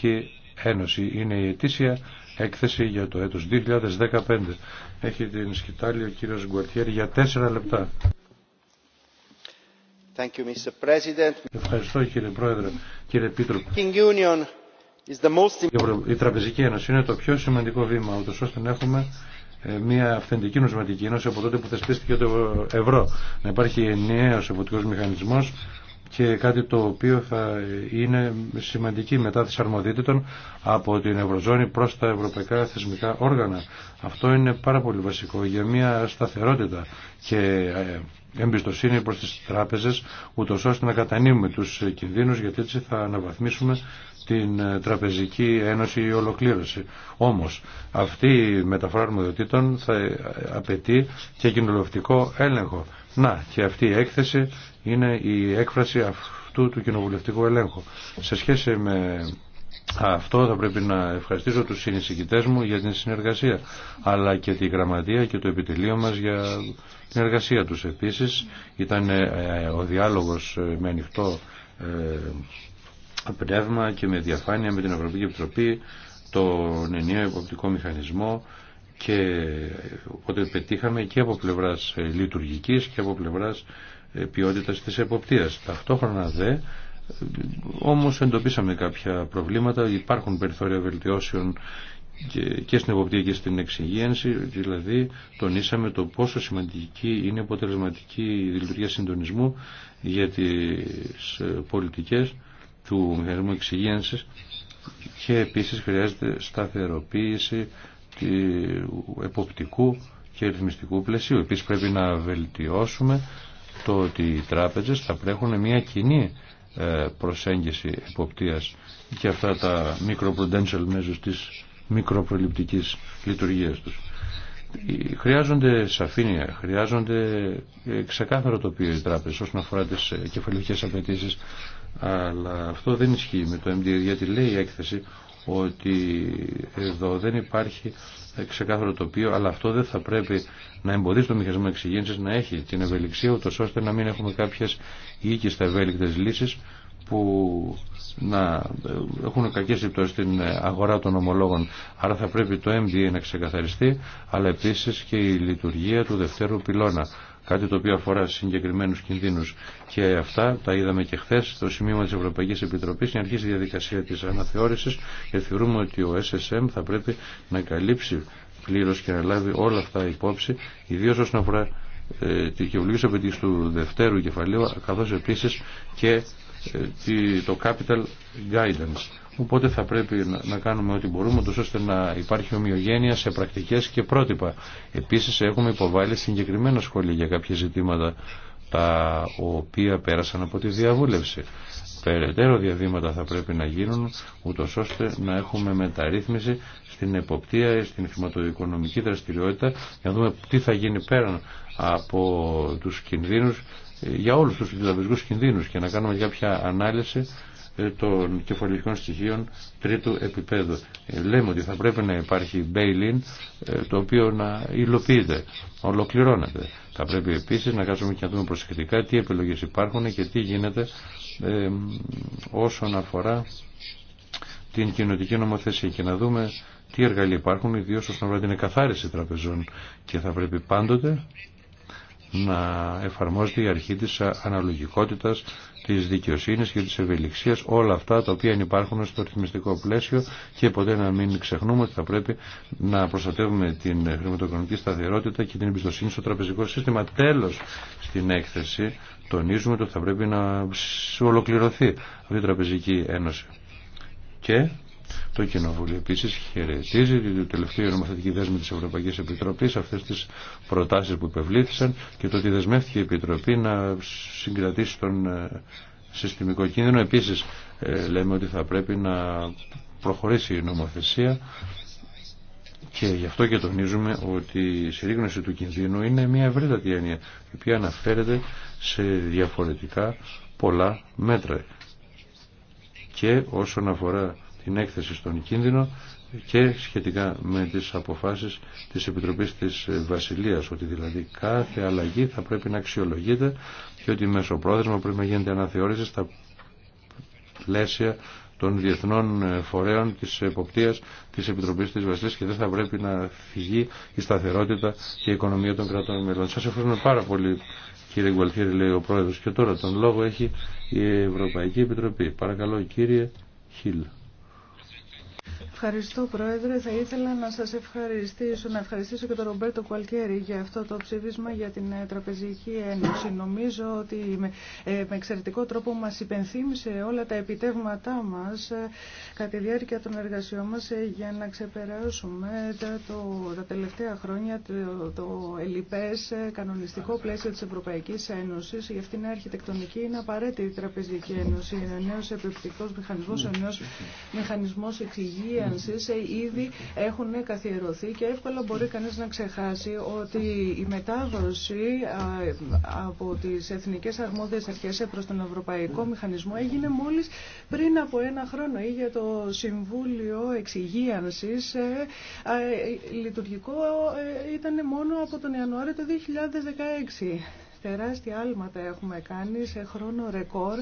και Ένωση. Είναι η ετήσια έκθεση για το έτος 2015. Έχει την σκητάλη ο κύριος Γκουαρτιέρη για τέσσερα λεπτά. Thank you, Mr. President. Ευχαριστώ κύριε Πρόεδρε, κύριε Επίτροπε. Η Τραπεζική Ένωση είναι το πιο σημαντικό βήμα, ούτως ώστε να έχουμε ε, μια αυθεντική νοσηματική ένωση από τότε που θεσπίστηκε το ευρώ. Να υπάρχει ενιαίος ευωτικός μηχανισμός και κάτι το οποίο θα είναι σημαντική μετά τη αρμοδίτητων από την Ευρωζώνη προς τα ευρωπαϊκά θεσμικά όργανα. Αυτό είναι πάρα πολύ βασικό για μια σταθερότητα και ε, εμπιστοσύνη προς τις τράπεζες ούτως ώστε να κατανείμουμε τους κινδύνους γιατί έτσι θα αναβαθμίσουμε την ε, Τραπεζική Ένωση η ολοκλήρωση. Όμως αυτή η μεταφορά αρμοδιοτήτων θα ε, απαιτεί και κοινολογικό έλεγχο. Να και αυτή η έκθεση είναι η έκφραση αυτού του κοινοβουλευτικού ελέγχου. Σε σχέση με αυτό θα πρέπει να ευχαριστήσω τους συνεισηγητές μου για την συνεργασία, αλλά και τη γραμματεία και το επιτελείο μας για την εργασία τους. Επίσης ήταν ε, ο διάλογος ε, με ανοιχτό ε, πνεύμα και με διαφάνεια με την Ευρωπαϊκή Επιτροπή, τον ενιαίο υποπτικό μηχανισμό και οπότε πετύχαμε και από πλευράς λειτουργικής και από πλευράς ποιότητας της εποπτείας. Ταυτόχρονα δε όμως εντοπίσαμε κάποια προβλήματα, υπάρχουν περιθώρια βελτιώσεων και στην εποπτεία και στην εξυγίανση, δηλαδή τονίσαμε το πόσο σημαντική είναι η αποτελεσματική λειτουργία συντονισμού για τις ε, πολιτικές του μηχανισμού εξυγίανσης και επίσης χρειάζεται σταθεροποίηση του εποπτικού και ρυθμιστικού πλαισίου. Επίσης πρέπει να βελτιώσουμε το ότι οι τράπεζες θα πρέχουν μια κοινή ε, προσέγγιση εποπτείας και αυτά τα microprudential μέσω της μικροπροληπτικής λειτουργίας τους. Χρειάζονται σαφήνεια, χρειάζονται ε, ξεκάθαρο τοπίο οι τράπεζε όσον αφορά τι ε, κεφαλικέ απαιτήσεις αλλά αυτό δεν ισχύει με το MDR γιατί λέει η έκθεση ότι εδώ δεν υπάρχει ξεκάθαρο τοπίο, αλλά αυτό δεν θα πρέπει να εμποδίσει το μηχανισμό να έχει την ευελιξία, ούτως ώστε να μην έχουμε κάποιες οίκιστα ευέλικτες λύσεις που να ε, έχουν κακέ επιπτώσει στην ε, αγορά των ομολόγων. Άρα θα πρέπει το MDA να ξεκαθαριστεί, αλλά επίσης και η λειτουργία του δευτέρου πυλώνα κάτι το οποίο αφορά συγκεκριμένου κινδύνου. Και αυτά τα είδαμε και χθε στο σημείο τη Ευρωπαϊκή Επιτροπή να αρχή η διαδικασία τη αναθεώρησης και θεωρούμε ότι ο SSM θα πρέπει να καλύψει πλήρω και να λάβει όλα αυτά υπόψη, ιδίω όσον αφορά ε, τη χειρολογική απαιτήση του δευτέρου κεφαλαίου, καθώ επίση και ε, το Capital Guidance Οπότε θα πρέπει να κάνουμε ό,τι μπορούμε τόσο ώστε να υπάρχει ομοιογένεια σε πρακτικές και πρότυπα. Επίσης έχουμε υποβάλει συγκεκριμένα σχόλια για κάποια ζητήματα τα οποία πέρασαν από τη διαβούλευση. Περαιτέρω διαβήματα θα πρέπει να γίνουν ούτω ώστε να έχουμε μεταρρύθμιση στην εποπτεία, στην χρηματοοικονομική δραστηριότητα για να δούμε τι θα γίνει πέραν από τους κινδύνους για όλους τους συλλαβισμούς κινδύνους και να κάνουμε κάποια ανάλυση ε, των κεφαλικών στοιχείων τρίτου επίπεδου. Ε, λέμε ότι θα πρέπει να υπάρχει bail-in ε, το οποίο να υλοποιείται, ολοκληρώνεται. Θα πρέπει επίσης να κάτσουμε και να δούμε προσεκτικά τι επιλογές υπάρχουν και τι γίνεται όσον αφορά την κοινωτική νομοθεσία και να δούμε τι εργαλεία υπάρχουν, ιδίως όσον αφορά την εκαθάριση τραπεζών και θα πρέπει πάντοτε να εφαρμόζεται η αρχή της αναλογικότητας της δικαιοσύνης και της ευελιξίας, όλα αυτά τα οποία υπάρχουν στο ρυθμιστικό πλαίσιο και ποτέ να μην ξεχνούμε ότι θα πρέπει να προστατεύουμε την χρηματοοικονομική σταθερότητα και την εμπιστοσύνη στο τραπεζικό σύστημα. Τέλος, στην έκθεση τονίζουμε ότι θα πρέπει να ολοκληρωθεί αυτή η τραπεζική ένωση. Και το Κοινοβούλιο επίση χαιρετίζει την τελευταία νομοθετική δέσμη τη Ευρωπαϊκή Επιτροπή, αυτέ τι προτάσει που υπευλήθησαν και το ότι δεσμεύτηκε η Επιτροπή να συγκρατήσει τον ε, συστημικό κίνδυνο. Επίση, ε, λέμε ότι θα πρέπει να προχωρήσει η νομοθεσία και γι' αυτό και τονίζουμε ότι η συρρήγνωση του κινδύνου είναι μια ευρύτατη έννοια, η οποία αναφέρεται σε διαφορετικά πολλά μέτρα. Και όσον αφορά την έκθεση στον κίνδυνο και σχετικά με τις αποφάσεις της Επιτροπής της Βασιλείας ότι δηλαδή κάθε αλλαγή θα πρέπει να αξιολογείται και ότι μέσω πρόθεσμα πρέπει να γίνεται αναθεώρηση στα πλαίσια των διεθνών φορέων της εποπτείας της Επιτροπής της Βασιλείας και δεν θα πρέπει να φυγεί η σταθερότητα και η οικονομία των κρατών μελών. Σας ευχαριστούμε πάρα πολύ κύριε Γκουαλτήρη λέει ο Πρόεδρος και τώρα τον λόγο έχει η Ευρωπαϊκή Επιτροπή. Παρακαλώ κύριε Χίλ. Ευχαριστώ Πρόεδρε. Θα ήθελα να σας ευχαριστήσω, να ευχαριστήσω και τον Ρομπέρτο Κουαλτιέρη για αυτό το ψήφισμα για την ε, Τραπεζική Ένωση. Νομίζω ότι ε, με, εξαιρετικό τρόπο μας υπενθύμισε όλα τα επιτεύγματά μας ε, κατά τη διάρκεια των εργασιών μας για να ξεπεράσουμε τα, το, τα τελευταία χρόνια το, το ελληπές κανονιστικό πλαίσιο της Ευρωπαϊκής Ένωσης. Γι' αυτήν είναι αρχιτεκτονική, είναι απαραίτητη η Τραπεζική Ένωση, είναι ο νέος επιπτικός μηχανισμός, νέος μηχανισμός ε, ήδη έχουν καθιερωθεί και εύκολα μπορεί κανείς να ξεχάσει ότι η μετάδοση από τις εθνικές αρμόδιες αρχές προς τον Ευρωπαϊκό Μηχανισμό έγινε μόλις πριν από ένα χρόνο ή για το Συμβούλιο Εξυγίανσης ε, ε, λειτουργικό ήταν μόνο από τον Ιανουάριο του 2016. Τεράστια άλματα έχουμε κάνει σε χρόνο ρεκόρ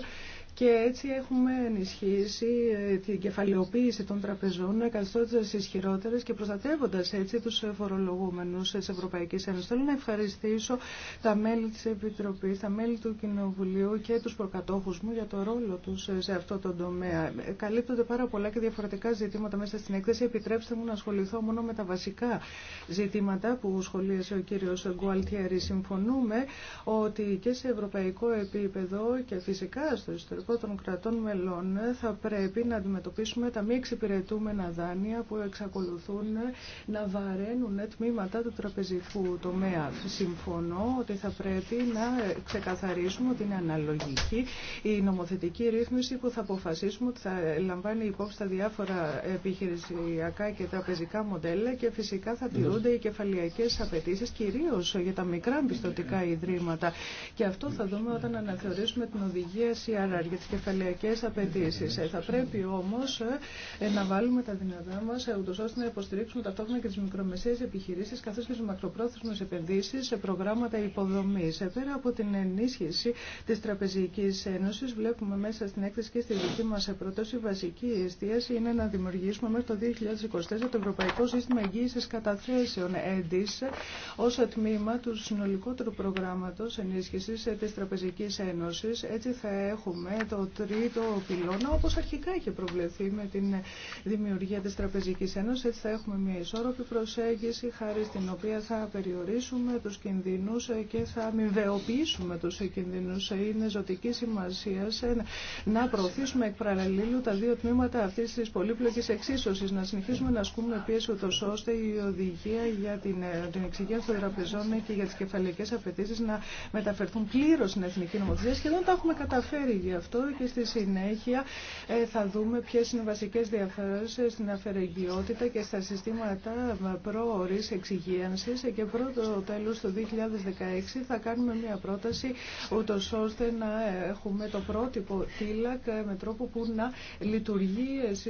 και έτσι έχουμε ενισχύσει ε, την κεφαλαιοποίηση των τραπεζών, καθιστώντα ισχυρότερε και προστατεύοντα έτσι του φορολογούμενου τη Ευρωπαϊκή Ένωση. Θέλω να ευχαριστήσω τα μέλη τη Επιτροπή, τα μέλη του Κοινοβουλίου και του προκατόχου μου για το ρόλο του ε, σε αυτό το τομέα. Ε, καλύπτονται πάρα πολλά και διαφορετικά ζητήματα μέσα στην έκθεση. Επιτρέψτε μου να ασχοληθώ μόνο με τα βασικά ζητήματα που σχολίασε ο κύριο Γκουαλτιέρη. Συμφωνούμε ότι και σε ευρωπαϊκό επίπεδο και φυσικά στο ιστορικό των κρατών μελών θα πρέπει να αντιμετωπίσουμε τα μη εξυπηρετούμενα δάνεια που εξακολουθούν να βαραίνουν τμήματα του τραπεζικού τομέα. Συμφωνώ ότι θα πρέπει να ξεκαθαρίσουμε ότι είναι αναλογική η νομοθετική ρύθμιση που θα αποφασίσουμε ότι θα λαμβάνει υπόψη τα διάφορα επιχειρησιακά και τραπεζικά μοντέλα και φυσικά θα τηρούνται οι κεφαλιακές απαιτήσει κυρίως για τα μικρά πιστοτικά ιδρύματα. Και αυτό θα δούμε όταν αναθεωρήσουμε την οδηγία CRR για τις κεφαλαιακές απαιτήσεις. Ε, θα πρέπει όμως ε, να βάλουμε τα δυνατά μας ε, ούτως ώστε να υποστηρίξουμε ταυτόχρονα και τις μικρομεσαίες επιχειρήσεις καθώς και τις μακροπρόθεσμες επενδύσεις σε προγράμματα υποδομής. Πέρα από την ενίσχυση της Τραπεζικής Ένωσης βλέπουμε μέσα στην έκθεση και στη δική μας πρόταση βασική εστίαση είναι να δημιουργήσουμε μέχρι το 2024 το Ευρωπαϊκό Σύστημα Εγγύησης Καταθέσεων ΕΝΤΙΣ ως τμήμα του συνολικότερου προγράμματος ενίσχυσης της Τραπεζικής Ένωσης. Έτσι θα έχουμε το τρίτο πυλώνα, όπως αρχικά είχε προβλεφθεί με την δημιουργία της Τραπεζικής Ένωσης. Έτσι θα έχουμε μια ισόρροπη προσέγγιση, χάρη στην οποία θα περιορίσουμε τους κινδύνους και θα αμοιβεοποιήσουμε τους κινδύνους. Είναι ζωτική σημασία να προωθήσουμε εκ παραλληλού τα δύο τμήματα αυτή τη πολύπλοκη εξίσωση. να συνεχίσουμε να ασκούμε πίεση ούτω ώστε η οδηγία για την, την εξηγία των τραπεζών και για τι κεφαλικές απαιτήσει να μεταφερθούν πλήρω στην εθνική νομοθεσία. Σχεδόν τα έχουμε καταφέρει γι' αυτό αυτό και στη συνέχεια ε, θα δούμε ποιες είναι οι βασικές διαφορές στην αφαιρεγγιότητα και στα συστήματα προορή εξυγίανσης ε, και πρώτο τέλος του 2016 θα κάνουμε μια πρόταση ούτω ώστε να έχουμε το πρότυπο TILAC ε, με τρόπο που να λειτουργεί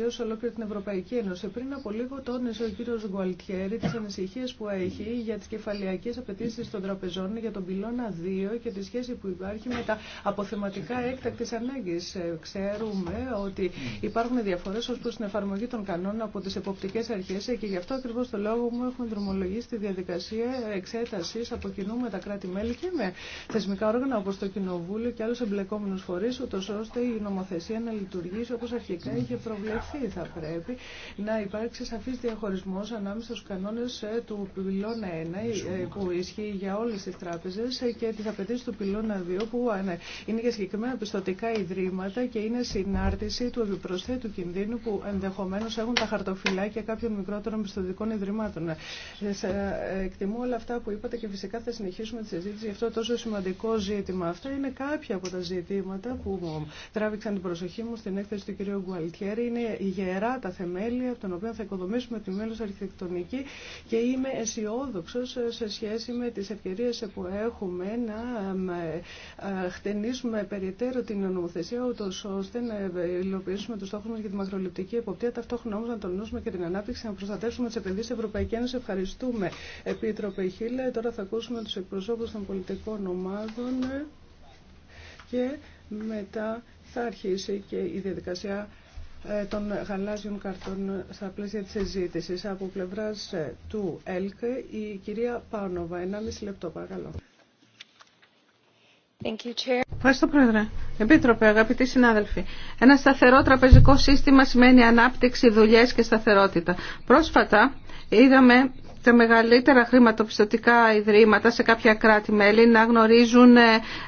σε ολόκληρη την Ευρωπαϊκή Ένωση. Πριν από λίγο τόνισε ο κύριος Γκουαλτιέρη τις ανησυχίες που έχει για τις κεφαλιακές απαιτήσει των τραπεζών για τον πυλώνα 2 και τη σχέση που υπάρχει με τα αποθεματικά έκτακτη ανάγκης ε, ξέρουμε ότι υπάρχουν διαφορές ως προς την εφαρμογή των κανόνων από τις εποπτικές αρχές ε, και γι' αυτό ακριβώς το λόγο μου έχουμε δρομολογήσει τη διαδικασία εξέτασης από κοινού με τα κράτη-μέλη και με θεσμικά όργανα όπως το Κοινοβούλιο και άλλους εμπλεκόμενους φορείς, ούτως ώστε η νομοθεσία να λειτουργήσει όπως αρχικά είχε προβλεφθεί. Θα πρέπει να υπάρξει σαφής διαχωρισμός ανάμεσα στους κανόνες ε, του πυλώνα 1 που ισχύει για όλες τις τράπεζες και τις απαιτήσεις του πυλώνα 2 που ναι, είναι για συγκεκριμένα πιστοτικά ιδρύματα και είναι συνάρτηση του επιπροσθέτου κινδύνου που ενδεχομένως έχουν τα χαρτοφυλάκια κάποιων μικρότερων πιστοτικών ιδρυμάτων. Ε, ε, εκτιμώ όλα αυτά που είπατε και φυσικά θα συνεχίσουμε τη συζήτηση για αυτό τόσο σημαντικό ζήτημα. Αυτά είναι κάποια από τα ζητήματα που τράβηξαν την προσοχή μου στην έκθεση του κ. Γκουαλτιέρη. Είναι γερά τα θεμέλια από τον οποίο θα οικοδομήσουμε τη μέλος αρχιτεκτονική και είμαι αισιόδοξο ε, σε σχέση με τις ευκαιρίε που έχουμε να χτενίσουμε περιττέρω την νομοθεσία, ούτω ώστε να υλοποιήσουμε του στόχου μα για τη μακροληπτική εποπτεία. Ταυτόχρονα όμω να τονώσουμε και την ανάπτυξη, να προστατεύσουμε τι επενδύσει Ευρωπαϊκή Ένωση. Ευχαριστούμε, Επίτροπε Χίλε. Τώρα θα ακούσουμε του εκπροσώπου των πολιτικών ομάδων και μετά θα αρχίσει και η διαδικασία ε, των γαλάζιων καρτών στα πλαίσια της συζήτηση από πλευράς ε, του ΕΛΚ η κυρία Πάνοβα. 1,5 λεπτό παρακαλώ. Ευχαριστώ, Πρόεδρε. Επίτροπε, αγαπητοί συνάδελφοι. Ένα σταθερό τραπεζικό σύστημα σημαίνει ανάπτυξη, δουλειέ και σταθερότητα. Πρόσφατα είδαμε τα μεγαλύτερα χρηματοπιστωτικά ιδρύματα σε κάποια κράτη-μέλη να γνωρίζουν ε,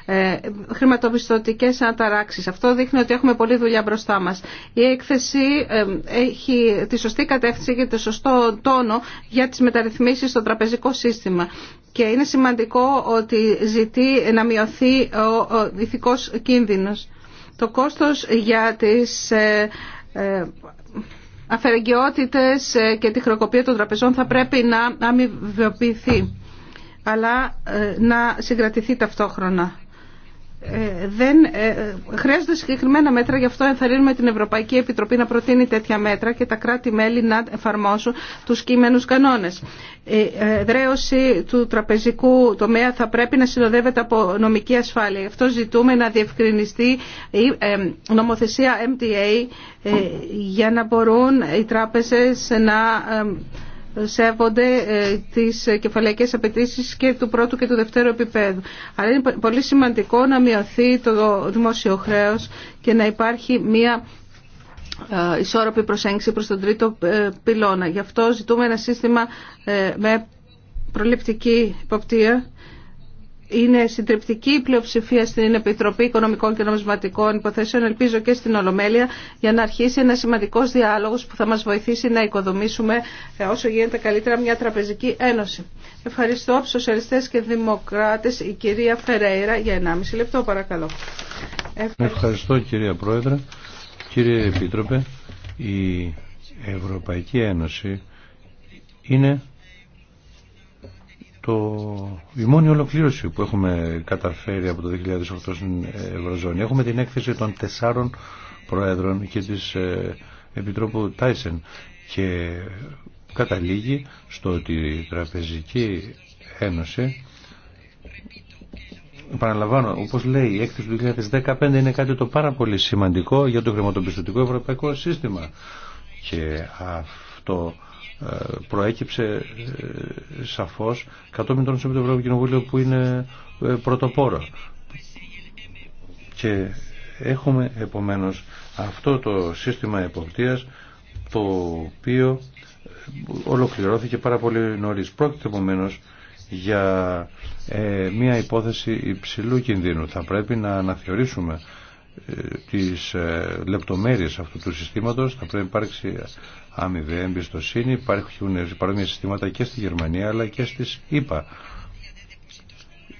ε, χρηματοπιστωτικές αναταράξεις. Αυτό δείχνει ότι έχουμε πολλή δουλειά μπροστά μας. Η έκθεση ε, έχει τη σωστή κατεύθυνση και το σωστό τόνο για τις μεταρρυθμίσεις στο τραπεζικό σύστημα. Και είναι σημαντικό ότι ζητεί να μειωθεί ο ηθικός κίνδυνος. Το κόστος για τις αφαιρεγγιότητες ε, και τη χρεοκοπία των τραπεζών θα πρέπει να αμοιβιοποιηθεί αλλά ε, να συγκρατηθεί ταυτόχρονα. Ε, δεν ε, χρειάζονται συγκεκριμένα μέτρα, γι' αυτό ενθαρρύνουμε την Ευρωπαϊκή Επιτροπή να προτείνει τέτοια μέτρα και τα κράτη-μέλη να εφαρμόσουν τους κείμενους κανόνες. Η ε, του τραπεζικού τομέα θα πρέπει να συνοδεύεται από νομική ασφάλεια. Αυτό ζητούμε να διευκρινιστεί η νομοθεσία MTA για να μπορούν οι τράπεζες να σέβονται ε, τις κεφαλαϊκές απαιτήσει και του πρώτου και του δευτέρου επίπεδου. Αλλά είναι πολύ σημαντικό να μειωθεί το δημόσιο χρέο και να υπάρχει μια ε, ισόρροπη προσέγγιση προς τον τρίτο ε, πυλώνα. Γι' αυτό ζητούμε ένα σύστημα με προληπτική υποπτία είναι συντριπτική η πλειοψηφία στην Επιτροπή Οικονομικών και Νομισματικών Υποθέσεων, ελπίζω και στην Ολομέλεια, για να αρχίσει ένα σημαντικό διάλογο που θα μα βοηθήσει να οικοδομήσουμε ε, όσο γίνεται καλύτερα μια τραπεζική ένωση. Ευχαριστώ από σοσιαλιστέ και δημοκράτε, η κυρία Φεραίρα, για 1,5 λεπτό, παρακαλώ. Ευχαριστώ, Ευχαριστώ κυρία Πρόεδρε. Κύριε Επίτροπε, η Ευρωπαϊκή Ένωση είναι το, η μόνη ολοκλήρωση που έχουμε καταφέρει από το 2008 στην Ευρωζώνη. Έχουμε την έκθεση των τεσσάρων Προέδρων και της ε, Επιτρόπου Τάισεν και καταλήγει στο ότι η Τραπεζική Ένωση Επαναλαμβάνω, όπω λέει η έκθεση του 2015 είναι κάτι το πάρα πολύ σημαντικό για το χρηματοπιστωτικό ευρωπαϊκό σύστημα. Και αυτό προέκυψε ε, σαφώς κατόπιν των με το Κοινοβούλιο που είναι ε, πρωτοπόρο. Και έχουμε επομένως αυτό το σύστημα εποπτείας το οποίο ε, ολοκληρώθηκε πάρα πολύ νωρίς. Πρόκειται επομένως για μια υπόθεση υψηλού κινδύνου. Θα πρέπει να αναθεωρήσουμε τις λεπτομέρειες αυτού του συστήματος θα πρέπει να υπάρξει αμοιβή εμπιστοσύνη. Υπάρχουν παρόμοια συστήματα και στη Γερμανία αλλά και στις ΗΠΑ.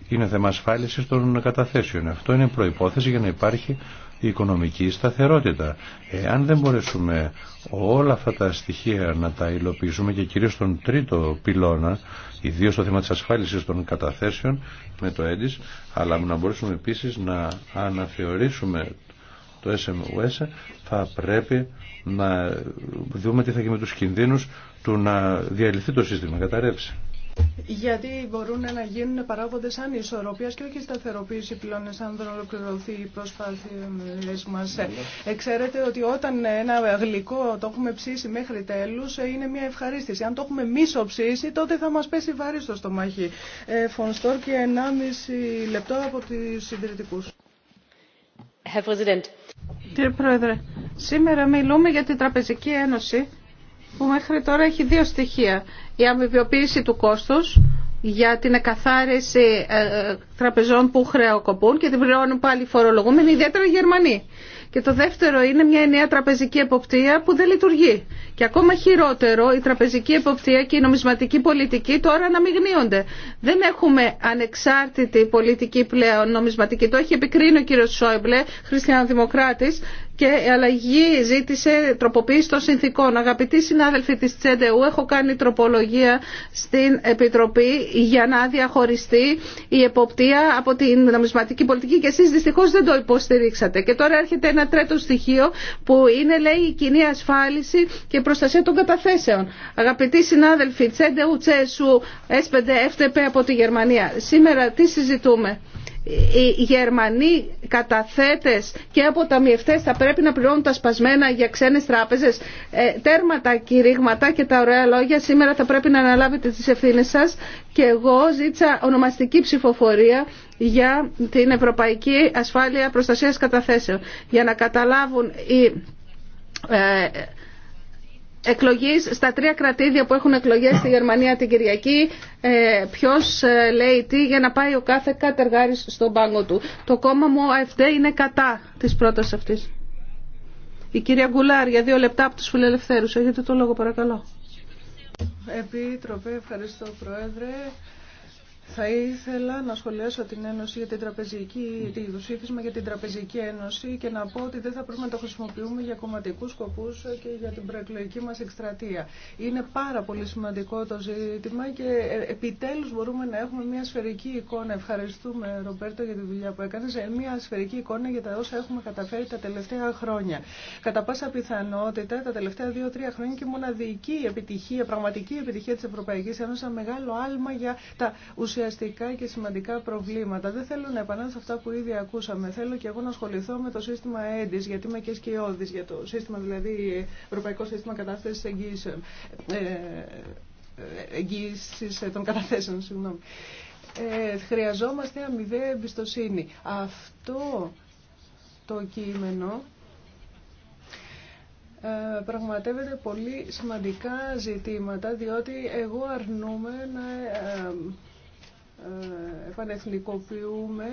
Είναι θέμα ασφάλιση των καταθέσεων. Αυτό είναι προϋπόθεση για να υπάρχει η οικονομική σταθερότητα. Εάν δεν μπορέσουμε όλα αυτά τα στοιχεία να τα υλοποιήσουμε και κυρίως στον τρίτο πυλώνα, ιδίως το θέμα της ασφάλισης των καταθέσεων με το έντις, αλλά να μπορέσουμε επίσης να αναθεωρήσουμε το SMUS θα πρέπει να δούμε τι θα γίνει με τους κινδύνους του να διαλυθεί το σύστημα, καταρρεύσει. Γιατί μπορούν να γίνουν παράγοντε ανισορροπία και όχι σταθεροποίηση πλέον, αν δεν ολοκληρωθεί η προσπάθεια μα. ξέρετε ότι όταν ένα γλυκό το έχουμε ψήσει μέχρι τέλου, είναι μια ευχαρίστηση. Αν το έχουμε μίσο ψήσει, τότε θα μα πέσει βαρύ στο στομάχι. Ε, Φωνστόρ και 1,5 λεπτό από του συντηρητικού. Herr Κύριε Πρόεδρε, σήμερα μιλούμε για την Τραπεζική Ένωση που μέχρι τώρα έχει δύο στοιχεία. Η αμοιβιοποίηση του κόστους για την εκαθάριση ε, ε, τραπεζών που χρεοκοπούν και την πληρώνουν πάλι φορολογούμενοι, ιδιαίτερα οι Γερμανοί. Και το δεύτερο είναι μια ενιαία τραπεζική εποπτεία που δεν λειτουργεί. Και ακόμα χειρότερο, η τραπεζική εποπτεία και η νομισματική πολιτική τώρα αναμειγνύονται. Δεν έχουμε ανεξάρτητη πολιτική πλέον νομισματική. Το έχει επικρίνει ο κύριο Σόιμπλε, χριστιανοδημοκράτη, και η αλλαγή ζήτησε τροποποίηση των συνθήκων. Αγαπητοί συνάδελφοι της Τσέντεου, έχω κάνει τροπολογία στην Επιτροπή για να διαχωριστεί η εποπτεία από την νομισματική πολιτική και εσείς δυστυχώς δεν το υποστηρίξατε. Και τώρα έρχεται ένα τρίτο στοιχείο που είναι λέει η κοινή ασφάλιση και προστασία των καταθέσεων. Αγαπητοί συνάδελφοι Τσέντεου, Τσέσου, S5, FTP από τη Γερμανία. Σήμερα τι συζητούμε οι Γερμανοί καταθέτες και αποταμιευτέ θα πρέπει να πληρώνουν τα σπασμένα για ξένες τράπεζες ε, Τέρματα τα κηρύγματα και τα ωραία λόγια σήμερα θα πρέπει να αναλάβετε τις ευθύνες σας και εγώ ζήτησα ονομαστική ψηφοφορία για την Ευρωπαϊκή Ασφάλεια Προστασίας Καταθέσεων για να καταλάβουν οι ε, εκλογής στα τρία κρατήδια που έχουν εκλογές στη Γερμανία την Κυριακή ε, ποιος ε, λέει τι για να πάει ο κάθε κατεργάρης στον πάγκο του. Το κόμμα μου ο ΑΕΦΤ είναι κατά της πρότασης αυτής. Η κυρία Γκουλάρ για δύο λεπτά από τους φιλελευθέρους. Έχετε το λόγο παρακαλώ. Επίτροπε, ευχαριστώ Πρόεδρε. Θα ήθελα να σχολιάσω την Ένωση για την Τραπεζική, τη ψήφισμα για την Τραπεζική Ένωση και να πω ότι δεν θα πρέπει να το χρησιμοποιούμε για κομματικού σκοπού και για την προεκλογική μα εκστρατεία. Είναι πάρα πολύ σημαντικό το ζήτημα και ε, επιτέλου μπορούμε να έχουμε μια σφαιρική εικόνα. Ευχαριστούμε, Ρομπέρτο, για τη δουλειά που έκανε. Ε, μια σφαιρική εικόνα για τα όσα έχουμε καταφέρει τα τελευταία χρόνια. Κατά πάσα πιθανότητα, τα τελευταία δύο-τρία χρόνια και μοναδική επιτυχία, πραγματική επιτυχία τη Ευρωπαϊκή Ένωση, ένα μεγάλο άλμα για τα ουσιαστικά ουσιαστικά και σημαντικά προβλήματα. Δεν θέλω να επανέλθω αυτά που ήδη ακούσαμε. Θέλω και εγώ να ασχοληθώ με το σύστημα ΕΝΤΙΣ, γιατί είμαι και σκιώδη για το σύστημα, δηλαδή Ευρωπαϊκό Σύστημα κατάσταση εγγύσεων, ε, ε, ε, των καταθέσεων, συγγνώμη. Ε, χρειαζόμαστε αμοιβαία εμπιστοσύνη. Αυτό το κείμενο πραγματεύεται πολύ σημαντικά ζητήματα, διότι εγώ αρνούμαι να ε, επανεθνικοποιούμε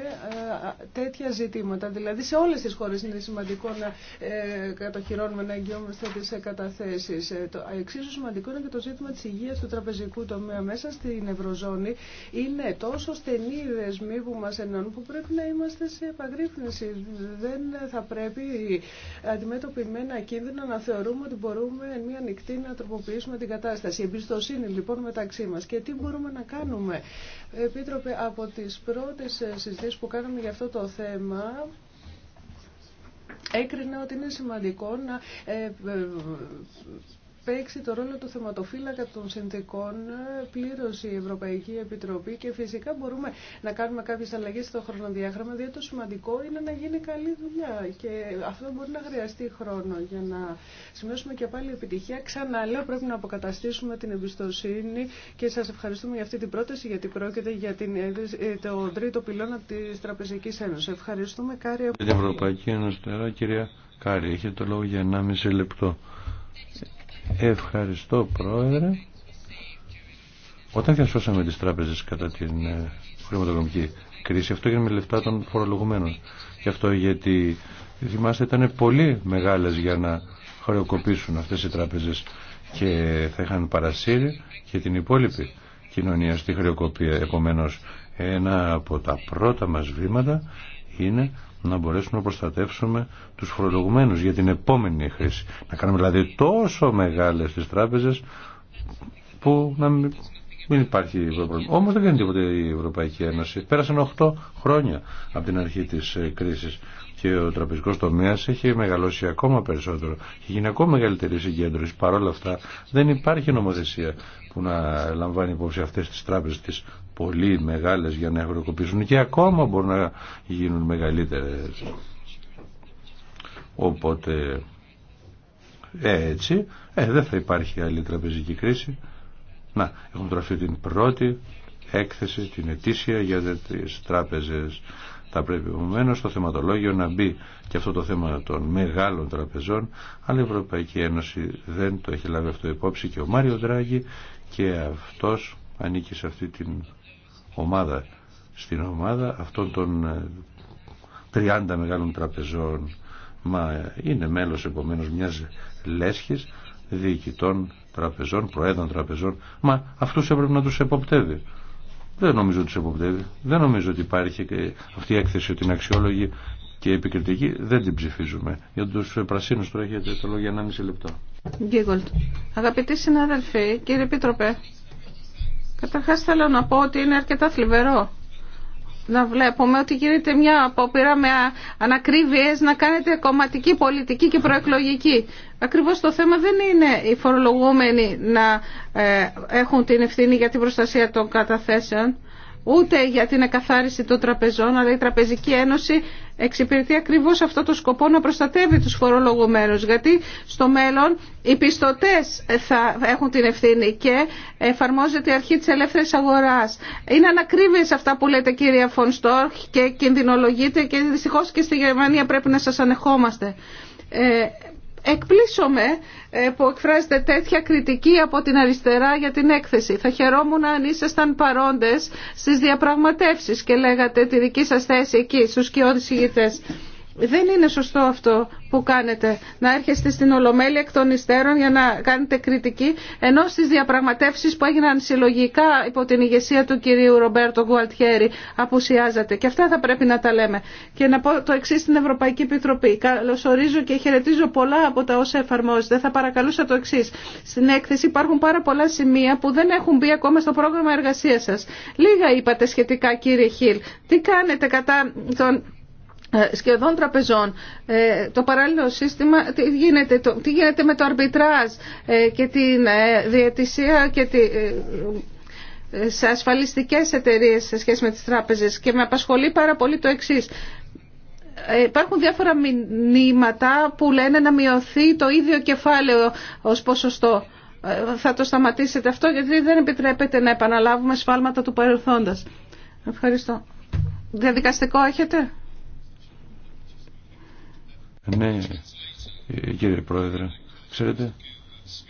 ε, τέτοια ζητήματα. Δηλαδή σε όλες τις χώρες είναι σημαντικό να ε, κατοχυρώνουμε, να εγγυόμαστε τις καταθέσεις. Το εξίσου σημαντικό είναι και το ζήτημα της υγείας του τραπεζικού τομέα μέσα στην Ευρωζώνη. Είναι τόσο στενή η δεσμή που μας ενώνουν που πρέπει να είμαστε σε επαγρύπνηση. Δεν θα πρέπει αντιμέτωποι με ένα να θεωρούμε ότι μπορούμε εν μία νυχτή να τροποποιήσουμε την κατάσταση. Η εμπιστοσύνη λοιπόν μεταξύ μας και τι μπορούμε να κάνουμε. Επίτροπε, από τις πρώτες ε, συζητήσεις που κάναμε για αυτό το θέμα, έκρινα ότι είναι σημαντικό να ε, ε, παίξει το ρόλο του θεματοφύλακα των συνθήκων ε, πλήρωση η Ευρωπαϊκή Επιτροπή και φυσικά μπορούμε να κάνουμε κάποιες αλλαγές στο χρονοδιάγραμμα διότι το σημαντικό είναι να γίνει καλή δουλειά και αυτό μπορεί να χρειαστεί χρόνο για να σημειώσουμε και πάλι επιτυχία. Ξαναλέω πρέπει να αποκαταστήσουμε την εμπιστοσύνη και σας ευχαριστούμε για αυτή την πρόταση γιατί πρόκειται για την, ε, ε, το τρίτο πυλώνα της Τραπεζικής Ένωσης. Ευχαριστούμε Κάρια. Ευρωπαϊκή Ένωση, τώρα κυρία Κάρη, έχετε το λόγο για 1,5 λεπτό. Ευχαριστώ Πρόεδρε. Όταν διασώσαμε τις τράπεζες κατά την ε, χρηματοοικονομική κρίση, αυτό έγινε με λεφτά των φορολογουμένων. Γι' αυτό γιατί θυμάστε ήταν πολύ μεγάλες για να χρεοκοπήσουν αυτές οι τράπεζες και θα είχαν παρασύρει και την υπόλοιπη κοινωνία στη χρεοκοπία. Επομένως ένα από τα πρώτα μας βήματα είναι να μπορέσουμε να προστατεύσουμε τους φορολογουμένους για την επόμενη χρήση. Να κάνουμε δηλαδή τόσο μεγάλες τις τράπεζες που να μην, υπάρχει πρόβλημα. Όμως δεν κάνει τίποτα η Ευρωπαϊκή Ένωση. Πέρασαν 8 χρόνια από την αρχή της ε, κρίσης και ο τραπεζικός τομέας έχει μεγαλώσει ακόμα περισσότερο και γίνει ακόμα μεγαλύτερη συγκέντρωση. Παρ' όλα αυτά δεν υπάρχει νομοθεσία που να λαμβάνει υπόψη αυτές τις τράπεζες τις πολύ μεγάλες για να χρεοκοπήσουν και ακόμα μπορούν να γίνουν μεγαλύτερες. Οπότε ε, έτσι ε, δεν θα υπάρχει άλλη τραπεζική κρίση. Να, έχουμε τραφεί την πρώτη έκθεση, την ετήσια για τις τράπεζες. Θα πρέπει επομένω στο θεματολόγιο να μπει και αυτό το θέμα των μεγάλων τραπεζών, αλλά η Ευρωπαϊκή Ένωση δεν το έχει λάβει αυτό υπόψη και ο Μάριο Ντράγκη και αυτός ανήκει σε αυτή την ομάδα, στην ομάδα αυτών των 30 ε, μεγάλων τραπεζών. Μα είναι μέλος επομένως μιας λέσχης διοικητών τραπεζών, προέδρων τραπεζών, μα αυτούς έπρεπε να τους εποπτεύει. Δεν νομίζω ότι του εποπτεύει. Δεν νομίζω ότι υπάρχει και αυτή η έκθεση ότι είναι αξιόλογη και επικριτική. Δεν την ψηφίζουμε. Για του πρασίνου τώρα έχετε το λόγο για 1,5 λεπτό. Γκίγκολτ. Αγαπητοί συνάδελφοι, κύριε Επίτροπε, καταρχά θέλω να πω ότι είναι αρκετά θλιβερό να βλέπουμε ότι γίνεται μια απόπειρα με ανακρίβειες να κάνετε κομματική πολιτική και προεκλογική. Ακριβώς το θέμα δεν είναι οι φορολογούμενοι να ε, έχουν την ευθύνη για την προστασία των καταθέσεων ούτε για την εκαθάριση των τραπεζών, αλλά η Τραπεζική Ένωση εξυπηρετεί ακριβώς αυτό το σκοπό να προστατεύει τους φορολογουμένους, γιατί στο μέλλον οι πιστωτές θα έχουν την ευθύνη και εφαρμόζεται η αρχή τη ελεύθερη αγορά. Είναι ανακρίβειε αυτά που λέτε κύριε Φωνστόρχ και κινδυνολογείτε και δυστυχώ και στη Γερμανία πρέπει να σα ανεχόμαστε. Ε, Εκπλήσωμαι ε, που εκφράζεται τέτοια κριτική από την αριστερά για την έκθεση. Θα χαιρόμουν αν ήσασταν παρόντες στις διαπραγματεύσεις και λέγατε τη δική σας θέση εκεί στους κοιόδης ηγητές. Δεν είναι σωστό αυτό που κάνετε, να έρχεστε στην Ολομέλεια εκ των υστέρων για να κάνετε κριτική, ενώ στις διαπραγματεύσεις που έγιναν συλλογικά υπό την ηγεσία του κυρίου Ρομπέρτο Γκουαλτιέρη απουσιάζατε. Και αυτά θα πρέπει να τα λέμε. Και να πω το εξή στην Ευρωπαϊκή Επιτροπή. Καλωσορίζω και χαιρετίζω πολλά από τα όσα εφαρμόζετε Θα παρακαλούσα το εξή. Στην έκθεση υπάρχουν πάρα πολλά σημεία που δεν έχουν μπει ακόμα στο πρόγραμμα εργασία σα. Λίγα είπατε σχετικά, κύριε Χιλ. Τι κάνετε κατά τον. Ε, σχεδόν τραπεζών. Ε, το παράλληλο σύστημα, τι γίνεται, το, με το αρμπιτράζ ε, και την διαιτησία και τη, σε ασφαλιστικές εταιρείες σε σχέση με τις τράπεζες και με απασχολεί πάρα πολύ το εξής. Υπάρχουν διάφορα μηνύματα που λένε να μειωθεί το ίδιο κεφάλαιο ως ποσοστό. Θα το σταματήσετε αυτό γιατί δεν επιτρέπεται να επαναλάβουμε σφάλματα του παρελθόντας Ευχαριστώ. Διαδικαστικό έχετε. Ναι, κύριε Πρόεδρε, ξέρετε,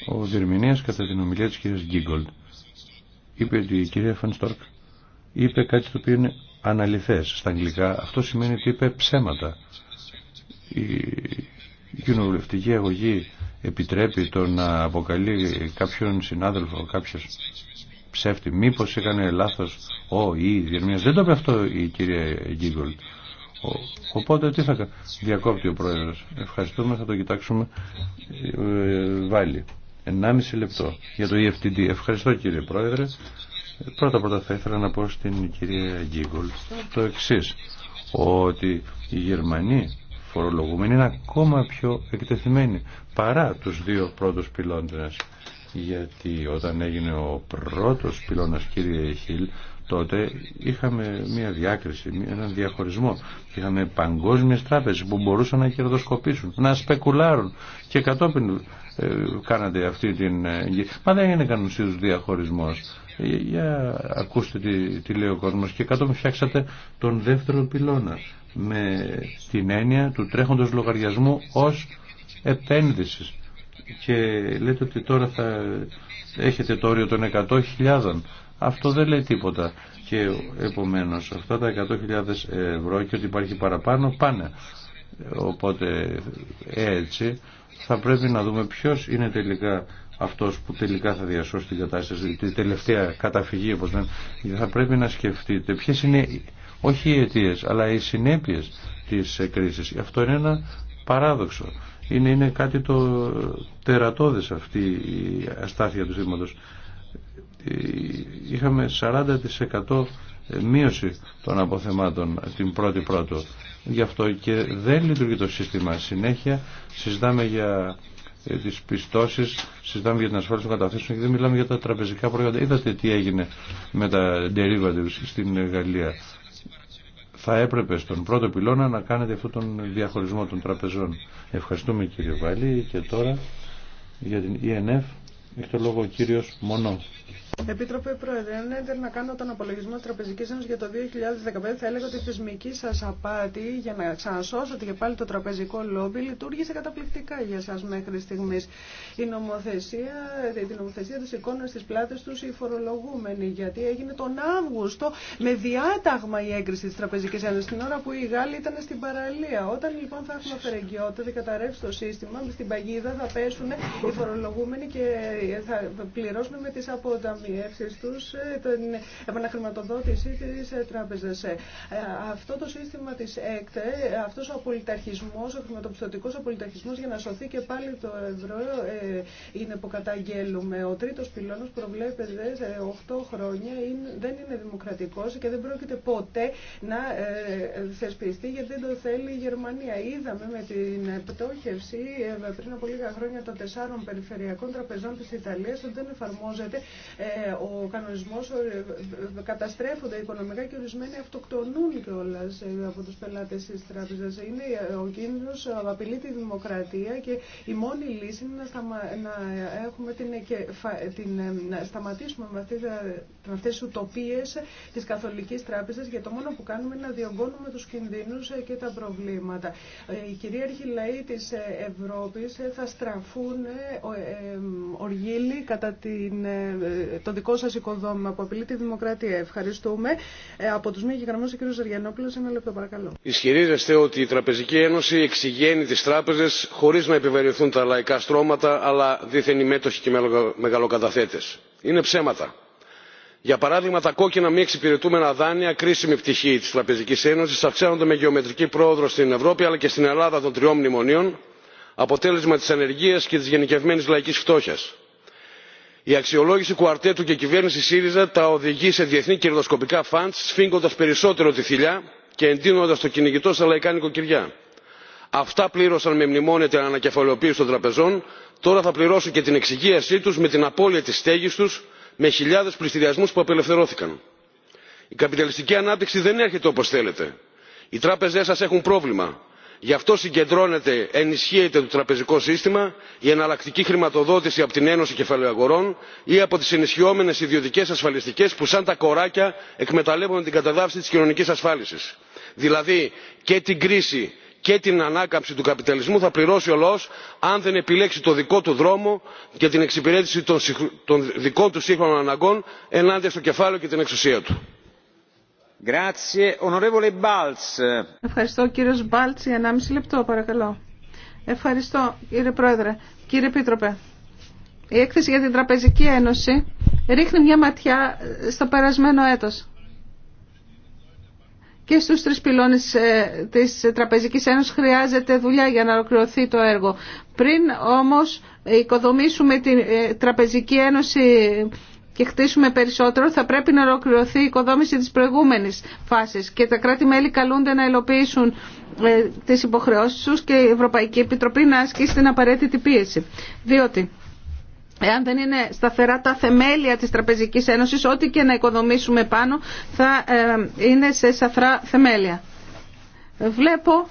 ο Διερμηνέας κατά την ομιλία της κυρίας Γκίγκολτ είπε ότι η κυρία Φανστόρκ είπε κάτι το οποίο είναι αναλυθές στα αγγλικά. Αυτό σημαίνει ότι είπε ψέματα. Η κοινοβουλευτική αγωγή επιτρέπει το να αποκαλεί κάποιον συνάδελφο, κάποιος ψεύτη. Μήπως έκανε λάθος ο ή η η Δεν το είπε αυτό η κυρία Γκίγκολτ. Οπότε τι θα κάνω. Διακόπτει ο Πρόεδρος. Ευχαριστούμε, θα το κοιτάξουμε. Ε, βάλει. 1,5 λεπτό για το EFTD. Ευχαριστώ κύριε Πρόεδρε. Πρώτα πρώτα θα ήθελα να πω στην κυρία Γκίγκολ το εξή ότι οι Γερμανοί φορολογούμενοι είναι ακόμα πιο εκτεθειμένοι παρά τους δύο πρώτους πυλώντες γιατί όταν έγινε ο πρώτος πυλώνας κύριε Χιλ τότε είχαμε μια διάκριση, έναν διαχωρισμό. Είχαμε παγκόσμιες τράπεζες που μπορούσαν να κερδοσκοπήσουν, να σπεκουλάρουν και κατόπιν ε, κάνατε αυτή την... Ε, Μα δεν είναι κανονιστής διαχωρισμός. Ε, για ακούστε τι, τι λέει ο κόσμος και κατόπιν φτιάξατε τον δεύτερο πυλώνα με την έννοια του τρέχοντος λογαριασμού ως επένδυσης και λέτε ότι τώρα θα έχετε το όριο των 100.000 αυτό δεν λέει τίποτα. Και επομένως αυτά τα 100.000 ευρώ και ότι υπάρχει παραπάνω πάνε. Οπότε ε, έτσι θα πρέπει να δούμε ποιος είναι τελικά αυτός που τελικά θα διασώσει την κατάσταση, τη τελευταία καταφυγή όπως λένε, θα πρέπει να σκεφτείτε ποιες είναι όχι οι αιτίε, αλλά οι συνέπειες της κρίσης. Αυτό είναι ένα παράδοξο. Είναι, είναι κάτι το τερατώδες αυτή η αστάθεια του ζήματος είχαμε 40% μείωση των αποθεμάτων την πρώτη πρώτο. Γι' αυτό και δεν λειτουργεί το σύστημα. Συνέχεια συζητάμε για ε, τις πιστώσει, συζητάμε για την ασφάλιση των καταθέσεων και δεν μιλάμε για τα τραπεζικά προϊόντα. Είδατε τι έγινε με τα derivatives στην Γαλλία. Θα έπρεπε στον πρώτο πυλώνα να κάνετε αυτόν τον διαχωρισμό των τραπεζών. Ευχαριστούμε κύριε Βάλλη και τώρα για την ENF έχει το λόγο ο κύριο Μόνο. Επίτροπε Πρόεδρε, αν έντερ να κάνω τον απολογισμό τη Τραπεζική Ένωση για το 2015, θα έλεγα ότι η θεσμική σα απάτη για να ξανασώσετε και πάλι το τραπεζικό λόμπι λειτουργήσε καταπληκτικά για εσά μέχρι στιγμή. Η νομοθεσία, τη νομοθεσία τη εικόνα στι πλάτε του οι φορολογούμενοι, γιατί έγινε τον Αύγουστο με διάταγμα η έγκριση τη Τραπεζική Ένωση, την ώρα που οι Γάλλοι ήταν στην παραλία. Όταν λοιπόν θα έχουμε αφαιρεγκιότητα, θα καταρρεύσει το σύστημα, στην παγίδα θα πέσουν οι φορολογούμενοι και θα πληρώσουν με τις αποταμιεύσεις τους ε, την επαναχρηματοδότηση της ε, τράπεζας. Ε, αυτό το σύστημα της ΕΚΤΕ, αυτός ο απολυταρχισμός, ο χρηματοπιστωτικός απολυταρχισμός για να σωθεί και πάλι το ευρώ είναι που καταγγέλουμε. Ο τρίτος πυλώνος προβλέπεται 8 χρόνια, δεν είναι δημοκρατικός και δεν πρόκειται ποτέ να θεσπιστεί γιατί δεν το θέλει η Γερμανία. Είδαμε με την πτώχευση πριν από λίγα χρόνια των τεσσάρων περιφερειακών τραπεζών της Ιταλίας ότι δεν εφαρμόζεται ε, ο κανονισμός, ε, ε, καταστρέφονται οικονομικά και ορισμένοι αυτοκτονούν κιόλα από τους πελάτες της τράπεζας. Είναι ο κίνδυνος, απειλεί τη δημοκρατία και η μόνη λύση είναι να, να έχουμε την... την... να σταματήσουμε με αυτές, με αυτές τις ουτοπίες της Καθολικής Τράπεζας για το μόνο που κάνουμε είναι να διωγγώνουμε τους κινδύνους και τα προβλήματα. Οι κυρίαρχοι λαοί της Ευρώπης θα στραφούν γύλη κατά την, ε, το δικό σας οικοδόμημα που απειλεί τη δημοκρατία. Ευχαριστούμε. Ε, από τους μη γραμμούς ο κ. Ζεργιανόπουλος, ένα λεπτό παρακαλώ. Ισχυρίζεστε ότι η Τραπεζική Ένωση εξηγαίνει τις τράπεζες χωρίς να επιβαρυνθούν τα λαϊκά στρώματα, αλλά δίθεν μέτοχοι και μεγαλοκαταθέτες. Είναι ψέματα. Για παράδειγμα, τα κόκκινα μη εξυπηρετούμενα δάνεια, κρίσιμη πτυχή τη Τραπεζική Ένωση, αυξάνονται με γεωμετρική πρόοδο στην Ευρώπη αλλά και στην Ελλάδα των τριών μνημονίων, αποτέλεσμα τη ανεργία και τη γενικευμένη λαϊκή φτώχεια η αξιολόγηση κουαρτέτου και κυβέρνηση σύριζα τα οδηγεί σε διεθνή κερδοσκοπικά φαντ σφίγγοντας περισσότερο τη θηλιά και εντείνοντας το κυνηγητό στα λαϊκά νοικοκυριά. αυτά πλήρωσαν με μνημόνια την ανακεφαλαιοποίηση των τραπεζών τώρα θα πληρώσουν και την εξυγίασή του με την απώλεια τη στέγη του με χιλιάδε πληστηριασμού που απελευθερώθηκαν. η καπιταλιστική ανάπτυξη δεν έρχεται όπω θέλετε. οι Τράπεζέ σα έχουν πρόβλημα γι' αυτό συγκεντρώνεται ενισχύεται το τραπεζικό σύστημα η εναλλακτική χρηματοδότηση από την ένωση κεφαλαίου ή από τι ενισχυόμενε ιδιωτικέ ασφαλιστικέ που σαν τα κοράκια εκμεταλλεύονται την καταδάφιση τη κοινωνική ασφάλιση. δηλαδή και την κρίση και την ανάκαμψη του καπιταλισμού θα πληρώσει ο λαό αν δεν επιλέξει το δικό του δρόμο για την εξυπηρέτηση των δικών του σύγχρονων αναγκών ενάντια στο κεφάλαιο και την εξουσία του. Ευχαριστώ κύριος Μπάλτς για λεπτό παρακαλώ. Ευχαριστώ κύριε Πρόεδρε. Κύριε Πίτροπε, η έκθεση για την Τραπεζική Ένωση ρίχνει μια ματιά στο περασμένο έτος και στους τρεις πυλώνες ε, της Τραπεζικής Ένωσης χρειάζεται δουλειά για να ολοκληρωθεί το έργο. Πριν όμως οικοδομήσουμε την ε, Τραπεζική Ένωση και χτίσουμε περισσότερο, θα πρέπει να ολοκληρωθεί η οικοδόμηση τη προηγούμενη φάσης και τα κράτη-μέλη καλούνται να υλοποιήσουν ε, τις υποχρεώσεις τους και η Ευρωπαϊκή Επιτροπή να ασκήσει την απαραίτητη πίεση. Διότι Εάν δεν είναι σταθερά τα θεμέλια της Τραπεζικής Ένωσης, ό,τι και να οικοδομήσουμε πάνω θα ε, είναι σε σαφρά θεμέλια. Βλέπω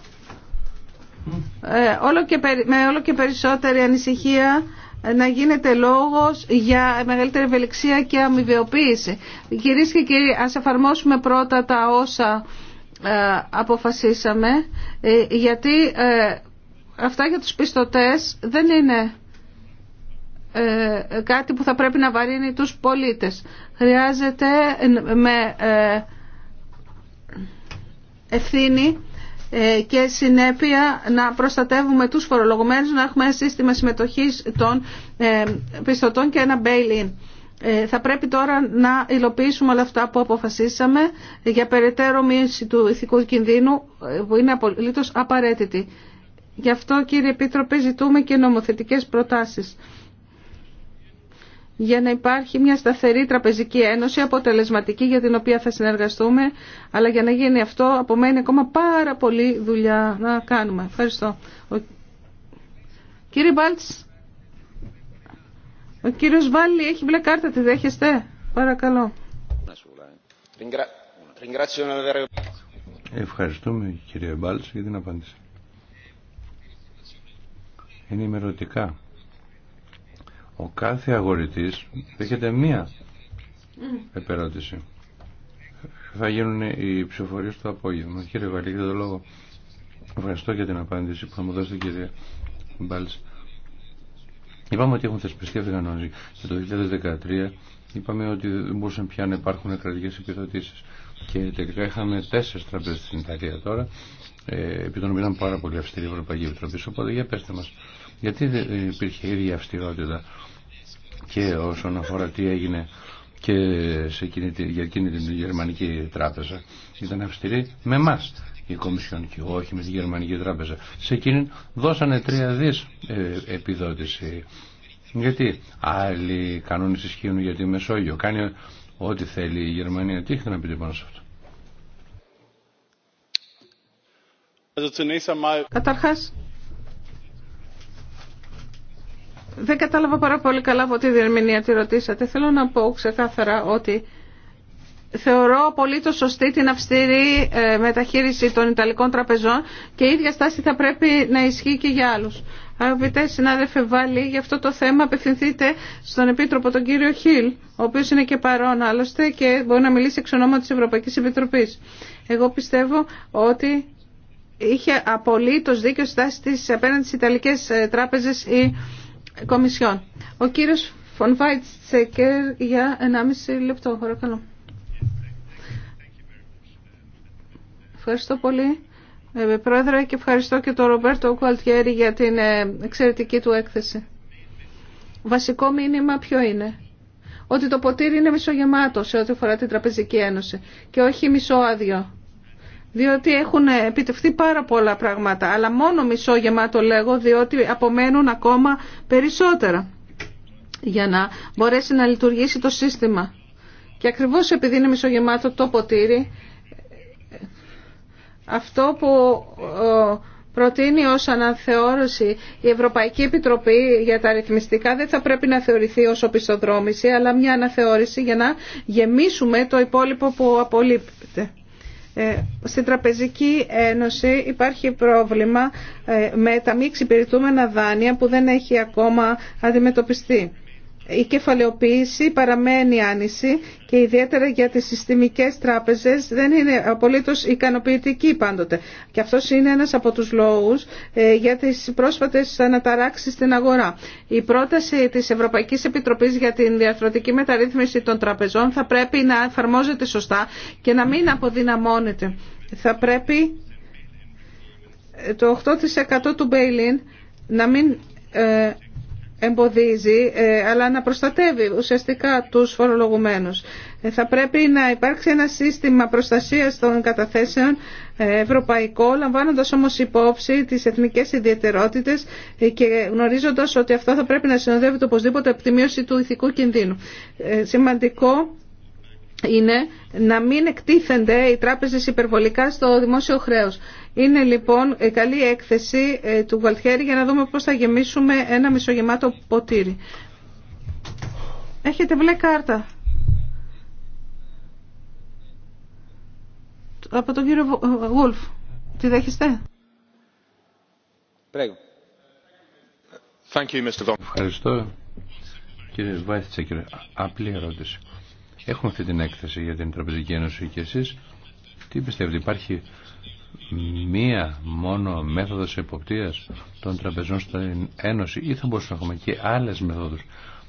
ε, όλο και, με όλο και περισσότερη ανησυχία να γίνεται λόγος για μεγαλύτερη ευελιξία και αμοιβαιοποίηση. Κυρίες και κύριοι, ας εφαρμόσουμε πρώτα τα όσα ε, αποφασίσαμε, ε, γιατί ε, αυτά για τους πιστωτές δεν είναι κάτι που θα πρέπει να βαρύνει τους πολίτες. Χρειάζεται με ευθύνη ε, και συνέπεια να προστατεύουμε τους φορολογουμένους, να έχουμε ένα σύστημα συμμετοχής των ε, πιστωτών και ένα bail-in. Ε, θα πρέπει τώρα να υλοποιήσουμε όλα αυτά που αποφασίσαμε για περαιτέρω μείωση του ηθικού κινδύνου που είναι απολύτως απαραίτητη. Γι' αυτό κύριε Επίτροπε ζητούμε και νομοθετικές προτάσεις για να υπάρχει μια σταθερή τραπεζική ένωση αποτελεσματική για την οποία θα συνεργαστούμε αλλά για να γίνει αυτό απομένει ακόμα πάρα πολύ δουλειά να κάνουμε. Ευχαριστώ. Κύριε Μπάλτς, ο κύριος Βάλλη έχει μπλε κάρτα, τη δέχεστε. Παρακαλώ. Ευχαριστούμε κύριε Μπάλτς για την απάντηση. Ενημερωτικά ο κάθε αγορητής δέχεται μία επερώτηση. Θα γίνουν οι ψηφοφορίε το απόγευμα. Κύριε Βαλή, για το λόγο. Ευχαριστώ για την απάντηση που θα μου δώσετε, κύριε Μπάλτ. Είπαμε ότι έχουν θεσπιστεί αυτοί οι κανόνε. Και το 2013 είπαμε ότι δεν μπορούσαν πια να υπάρχουν κρατικέ επιδοτήσει. Και τελικά είχαμε τέσσερι τραπέζε στην Ιταλία τώρα, ε, επί των οποίων πάρα πολύ αυστηρή η Ευρωπαϊκή Επιτροπή. Οπότε για πετε μα, γιατί δεν υπήρχε η ίδια αυστηρότητα και όσον αφορά τι έγινε και σε εκείνη, για εκείνη την γερμανική τράπεζα ήταν αυστηρή με εμά η Κομισιόν και όχι με τη Γερμανική Τράπεζα. Σε εκείνη δώσανε τρία δις ε, επιδότηση. Γιατί άλλοι κανόνες ισχύουν για τη Μεσόγειο. Κάνει ό,τι θέλει η Γερμανία. Τι έχετε να πείτε πάνω σε αυτό. Καταρχάς δεν κατάλαβα πάρα πολύ καλά από τη διερμηνία τη ρωτήσατε. Θέλω να πω ξεκάθαρα ότι θεωρώ απολύτως σωστή την αυστηρή ε, μεταχείριση των Ιταλικών τραπεζών και η ίδια στάση θα πρέπει να ισχύει και για άλλους. Αγαπητέ συνάδελφε Βάλλη, για αυτό το θέμα απευθυνθείτε στον Επίτροπο τον κύριο Χιλ, ο οποίο είναι και παρόν άλλωστε και μπορεί να μιλήσει εξ ονόματο τη Ευρωπαϊκή Επιτροπή. Εγώ πιστεύω ότι είχε απολύτω δίκιο στάση τη απέναντι στι Ιταλικέ ε, τράπεζε η Κομισιόν. Ο κύριος Φον Βάιτσεκερ για 1,5 λεπτό. Παρακαλώ. Ευχαριστώ πολύ. Ε, πρόεδρε και ευχαριστώ και τον Ρομπέρτο Κουαλτιέρη για την ε, εξαιρετική του έκθεση. Βασικό μήνυμα ποιο είναι. Ότι το ποτήρι είναι μισογεμάτο σε ό,τι αφορά την Τραπεζική Ένωση και όχι μισό μισοάδιο διότι έχουν επιτευχθεί πάρα πολλά πράγματα, αλλά μόνο μισό γεμάτο λέγω, διότι απομένουν ακόμα περισσότερα για να μπορέσει να λειτουργήσει το σύστημα. Και ακριβώς επειδή είναι μισογεμάτο το ποτήρι, αυτό που ε, προτείνει ως αναθεώρηση η Ευρωπαϊκή Επιτροπή για τα ρυθμιστικά δεν θα πρέπει να θεωρηθεί ως οπισθοδρόμηση, αλλά μια αναθεώρηση για να γεμίσουμε το υπόλοιπο που απολύπτεται. Ε, στην Τραπεζική Ένωση υπάρχει πρόβλημα ε, με τα μη εξυπηρετούμενα δάνεια που δεν έχει ακόμα αντιμετωπιστεί. Η κεφαλαιοποίηση παραμένει άνηση και ιδιαίτερα για τις συστημικές τράπεζες δεν είναι απολύτως ικανοποιητική πάντοτε. Και αυτό είναι ένας από τους λόγους ε, για τις πρόσφατες αναταράξεις στην αγορά. Η πρόταση της Ευρωπαϊκής Επιτροπής για την διαρθρωτική μεταρρύθμιση των τραπεζών θα πρέπει να εφαρμόζεται σωστά και να μην αποδυναμώνεται. Θα πρέπει ε, το 8% του μπέιλιν να μην ε, εμποδίζει, ε, αλλά να προστατεύει ουσιαστικά τους φορολογουμένους. Ε, θα πρέπει να υπάρξει ένα σύστημα προστασίας των καταθέσεων ε, ευρωπαϊκό, λαμβάνοντας όμως υπόψη τις εθνικές ιδιαιτερότητες και γνωρίζοντας ότι αυτό θα πρέπει να συνοδεύεται οπωσδήποτε από τη μείωση του ηθικού κινδύνου. Σημαντικό είναι να μην εκτίθενται οι τράπεζες υπερβολικά στο δημόσιο χρέος. Είναι λοιπόν καλή έκθεση ε, του Γουαλτιέρη για να δούμε πώς θα γεμίσουμε ένα μισογεμάτο ποτήρι. Έχετε μπλε κάρτα. Από τον κύριο ε, Γουλφ. Τη δέχεστε. Thank Ευχαριστώ. Κύριε Βάιθτσα, κύριε. Απλή ερώτηση. Έχουμε αυτή την έκθεση για την Τραπεζική Ένωση και εσεί. τι πιστεύετε, υπάρχει μία μόνο μέθοδος εποπτείας των τραπεζών στην Ένωση ή θα μπορούσαμε να έχουμε και άλλες μεθόδους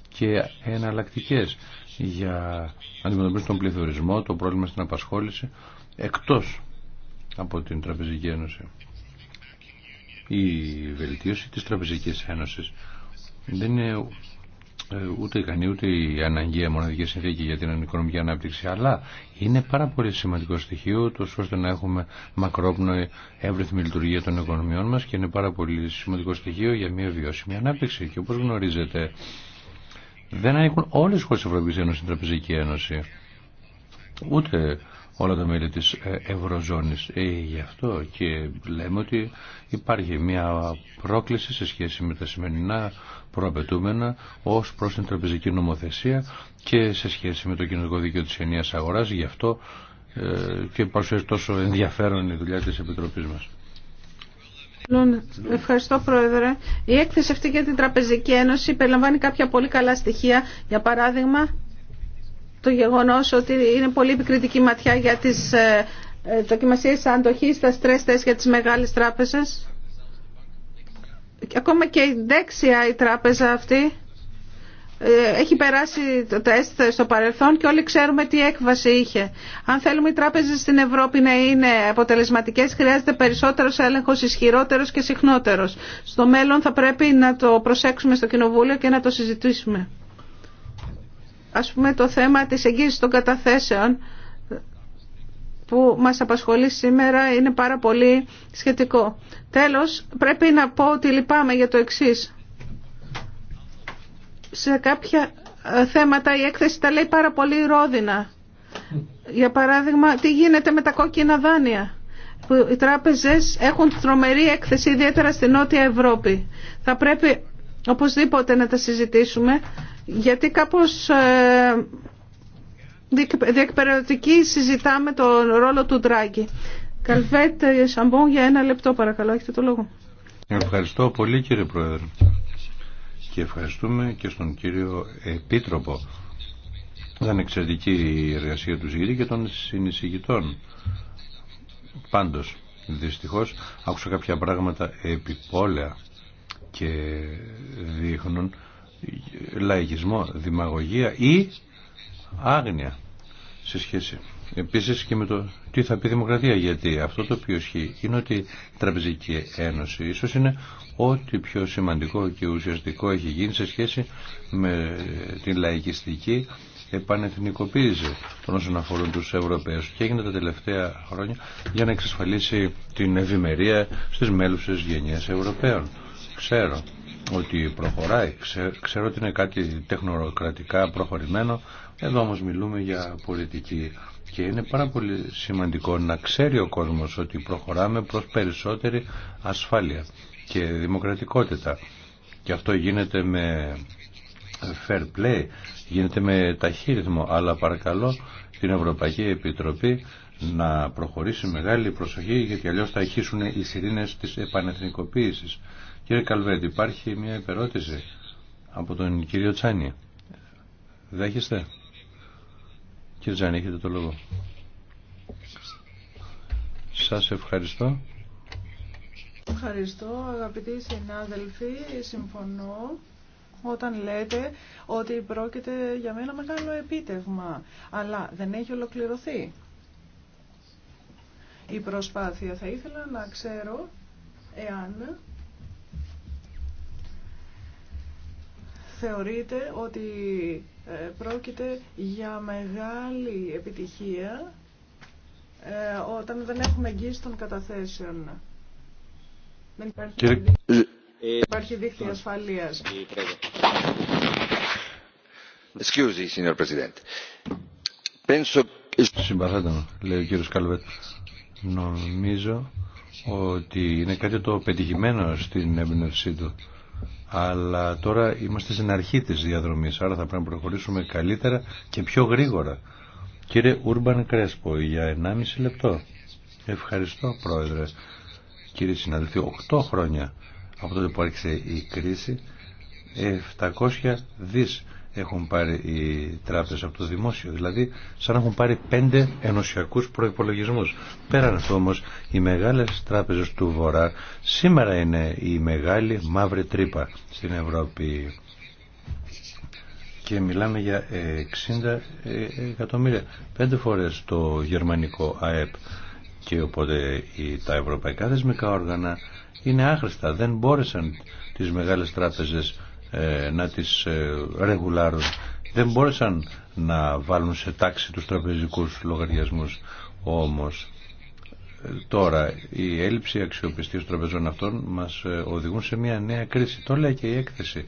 και εναλλακτικέ για να αντιμετωπίσουμε τον πληθωρισμό, το πρόβλημα στην απασχόληση εκτός από την Τραπεζική Ένωση. Η βελτίωση της Τραπεζικής Ένωσης δεν είναι ε, ούτε ικανή ούτε η αναγκαία μοναδική συνθήκη για την οικονομική ανάπτυξη, αλλά είναι πάρα πολύ σημαντικό στοιχείο το ώστε να έχουμε μακρόπνοη εύρυθμη λειτουργία των οικονομιών μας και είναι πάρα πολύ σημαντικό στοιχείο για μια βιώσιμη ανάπτυξη. Και όπως γνωρίζετε, δεν ανήκουν όλες οι χώρες της Ευρωπαϊκής στην Τραπεζική Ένωση. Ούτε όλα τα μέλη της ε, Ευρωζώνης. Ε, γι' αυτό και λέμε ότι υπάρχει μια πρόκληση σε σχέση με τα σημερινά προαπαιτούμενα ως προς την τραπεζική νομοθεσία και σε σχέση με το κοινωνικό δίκαιο της ενίας αγοράς. Γι' αυτό ε, και παρουσιάζει τόσο ενδιαφέρον η δουλειά της Επιτροπής μας. Λοιπόν, ευχαριστώ Πρόεδρε. Η έκθεση αυτή για την Τραπεζική Ένωση περιλαμβάνει κάποια πολύ καλά στοιχεία. Για παράδειγμα, το γεγονός ότι είναι πολύ επικριτική ματιά για τις ε, ε, δοκιμασίες αντοχής, τα stress τεστ για τις μεγάλες τράπεζες. Ακόμα και η δέξια η τράπεζα αυτή ε, έχει περάσει το τεστ στο παρελθόν και όλοι ξέρουμε τι έκβαση είχε. Αν θέλουμε οι τράπεζε στην Ευρώπη να είναι αποτελεσματικέ, χρειάζεται περισσότερο έλεγχο, ισχυρότερο και συχνότερο. Στο μέλλον θα πρέπει να το προσέξουμε στο Κοινοβούλιο και να το συζητήσουμε ας πούμε το θέμα της εγγύησης των καταθέσεων που μας απασχολεί σήμερα είναι πάρα πολύ σχετικό. Τέλος, πρέπει να πω ότι λυπάμαι για το εξής. Σε κάποια ε, θέματα η έκθεση τα λέει πάρα πολύ ρόδινα. Για παράδειγμα, τι γίνεται με τα κόκκινα δάνεια. Που οι τράπεζες έχουν τρομερή έκθεση, ιδιαίτερα στην Νότια Ευρώπη. Θα πρέπει οπωσδήποτε να τα συζητήσουμε γιατί κάπως ε, συζητάμε τον ρόλο του Ντράγκη. Καλβέτ Σαμπόν για ένα λεπτό παρακαλώ, έχετε το λόγο. Ευχαριστώ πολύ κύριε Πρόεδρε και ευχαριστούμε και στον κύριο Επίτροπο. Ήταν εξαιρετική η εργασία του Ζήτη και των συνεισηγητών. Πάντως, δυστυχώς, άκουσα κάποια πράγματα επιπόλαια και δείχνουν λαϊκισμό, δημαγωγία ή άγνοια σε σχέση επίσης και με το τι θα πει η δημοκρατία γιατί αυτό το οποίο ισχύει είναι ότι η Τραπεζική Ένωση ίσως είναι ό,τι πιο σημαντικό και ουσιαστικό έχει γίνει σε σχέση με την λαϊκιστική επανεθνικοποίηση των όσων αφορούν τους Ευρωπαίους και έγινε τα τελευταία χρόνια για να εξασφαλίσει την ευημερία στις μέλουσες γενιές Ευρωπαίων. Ξέρω ότι προχωράει, ξέρω ότι είναι κάτι τεχνοκρατικά προχωρημένο, εδώ όμως μιλούμε για πολιτική και είναι πάρα πολύ σημαντικό να ξέρει ο κόσμος ότι προχωράμε προς περισσότερη ασφάλεια και δημοκρατικότητα και αυτό γίνεται με fair play, γίνεται με ταχύ αλλά παρακαλώ την Ευρωπαϊκή Επιτροπή να προχωρήσει μεγάλη προσοχή γιατί αλλιώς θα αρχίσουν οι σιρήνες της επανεθνικοποίησης. Κύριε Καλβέντη, υπάρχει μια υπερώτηση από τον κύριο Τσάνι. Δέχεστε. Κύριε Τσάνι, έχετε το λόγο. Σας ευχαριστώ. Ευχαριστώ αγαπητοί συνάδελφοι, συμφωνώ όταν λέτε ότι πρόκειται για μένα μεγάλο επίτευγμα, αλλά δεν έχει ολοκληρωθεί η προσπάθεια. Θα ήθελα να ξέρω εάν θεωρείται ότι ε, πρόκειται για μεγάλη επιτυχία ε, όταν δεν έχουμε εγγύηση των καταθέσεων. Δεν υπάρχει, δίκτυα δίκτυο ε, ασφαλείας. Excuse, Presidente. Penso... λέει ο κύριο Καλβέτ. Νομίζω ότι είναι κάτι το πετυχημένο στην έμπνευσή του αλλά τώρα είμαστε στην αρχή της διαδρομής, άρα θα πρέπει να προχωρήσουμε καλύτερα και πιο γρήγορα. Κύριε Ούρμπαν Κρέσπο, για 1,5 λεπτό. Ευχαριστώ, Πρόεδρε. Κύριε συναδελφοί, 8 χρόνια από τότε που άρχισε η κρίση, 700 δις έχουν πάρει οι τράπεζες από το δημόσιο. Δηλαδή σαν να έχουν πάρει πέντε ενωσιακούς προϋπολογισμούς. Πέραν αυτό όμως οι μεγάλες τράπεζες του Βορρά σήμερα είναι η μεγάλη μαύρη τρύπα στην Ευρώπη. Και μιλάμε για 60 εκατομμύρια. Πέντε φορές το γερμανικό ΑΕΠ. Και οπότε τα ευρωπαϊκά δεσμικά όργανα είναι άχρηστα. Δεν μπόρεσαν τις μεγάλες τράπεζες ε, να τις ε, ρεγουλάρουν. Δεν μπόρεσαν να βάλουν σε τάξη τους τραπεζικούς λογαριασμούς. Όμως ε, τώρα η έλλειψη αξιοπιστίας των τραπεζών αυτών μας οδηγούν σε μια νέα κρίση. Το λέει και η έκθεση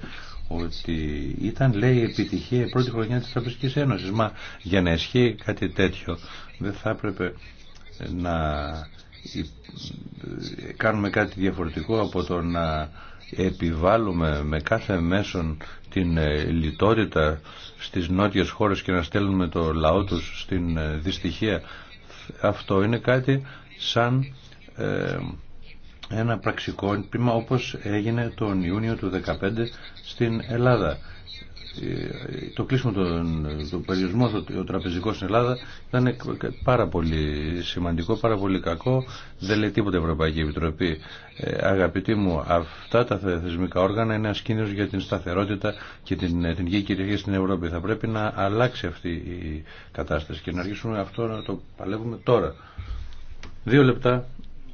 ότι ήταν λέει επιτυχία η πρώτη χρονιά της Τραπεζικής Ένωσης. Μα για να ισχύει κάτι τέτοιο δεν θα έπρεπε να κάνουμε κάτι διαφορετικό από το να επιβάλλουμε με κάθε μέσον την ε, λιτότητα στις νότιες χώρες και να στέλνουμε το λαό τους στην ε, δυστυχία. Αυτό είναι κάτι σαν ε, ένα πραξικό πείμα όπως έγινε τον Ιούνιο του 2015 στην Ελλάδα το κλείσιμο των, του περιορισμού το, τραπεζικό στην Ελλάδα ήταν πάρα πολύ σημαντικό, πάρα πολύ κακό. Δεν λέει τίποτα η Ευρωπαϊκή Επιτροπή. Ε, αγαπητοί μου, αυτά τα θεσμικά όργανα είναι ασκήνιο για την σταθερότητα και την εθνική κυριαρχία στην Ευρώπη. Θα πρέπει να αλλάξει αυτή η κατάσταση και να αρχίσουμε αυτό να το παλεύουμε τώρα. Δύο λεπτά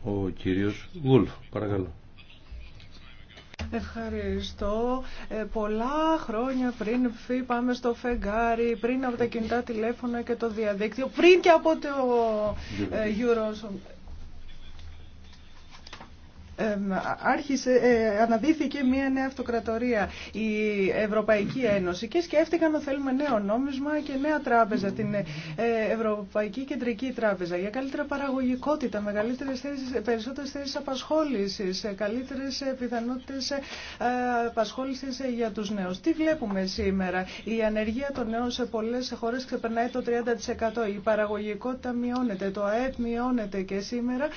ο κύριος Γουλφ, παρακαλώ. Ευχαριστώ. Ε, πολλά χρόνια πριν πάμε στο φεγγάρι, πριν από τα κινητά τηλέφωνα και το διαδίκτυο, πριν και από το ε, άρχισε, ε, αναδύθηκε μια νέα αυτοκρατορία, η Ευρωπαϊκή Ένωση και σκέφτηκαν ότι θέλουμε νέο νόμισμα και νέα τράπεζα, την ε, Ευρωπαϊκή Κεντρική Τράπεζα για καλύτερα παραγωγικότητα, μεγαλύτερες θέσεις, περισσότερες θέσεις απασχόλησης, ε, καλύτερες πιθανότητες απασχόλησης για τους νέους. Τι βλέπουμε σήμερα, η ανεργία των νέων σε πολλές χώρες ξεπερνάει το 30%, η παραγωγικότητα μειώνεται, το ΑΕΠ μειώνεται και σήμερα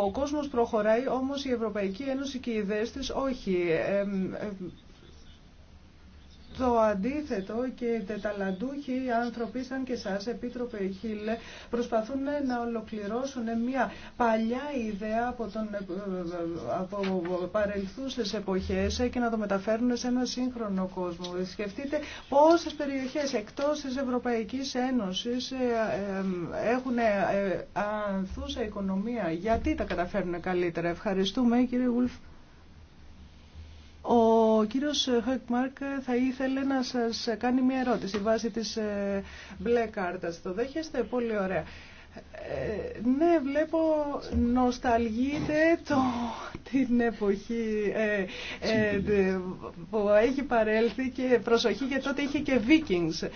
ο κόσμος προχωράει, όμως η Ευρωπαϊκή Ένωση και οι ιδέες της όχι το αντίθετο και τεταλαντούχοι άνθρωποι σαν και εσάς, Επίτροπε Χίλε, προσπαθούν να ολοκληρώσουν μια παλιά ιδέα από, τον, ε, από εποχές και να το μεταφέρουν σε ένα σύγχρονο κόσμο. Σκεφτείτε πόσες περιοχές εκτός της Ευρωπαϊκής Ένωσης ε, ε, έχουν ανθούσα οικονομία. Γιατί τα καταφέρουν καλύτερα. Ευχαριστούμε κύριε Γουλφ. Ο ο κύριος ε, Χοκμάρκ ε, θα ήθελε να σας κάνει μια ερώτηση βάσει της ε, μπλε κάρτας. Το δέχεστε πολύ ωραία. Ε, ναι, βλέπω νοσταλγείτε το, την εποχή ε, που έχει παρέλθει και προσοχή γιατί τότε είχε και Vikings.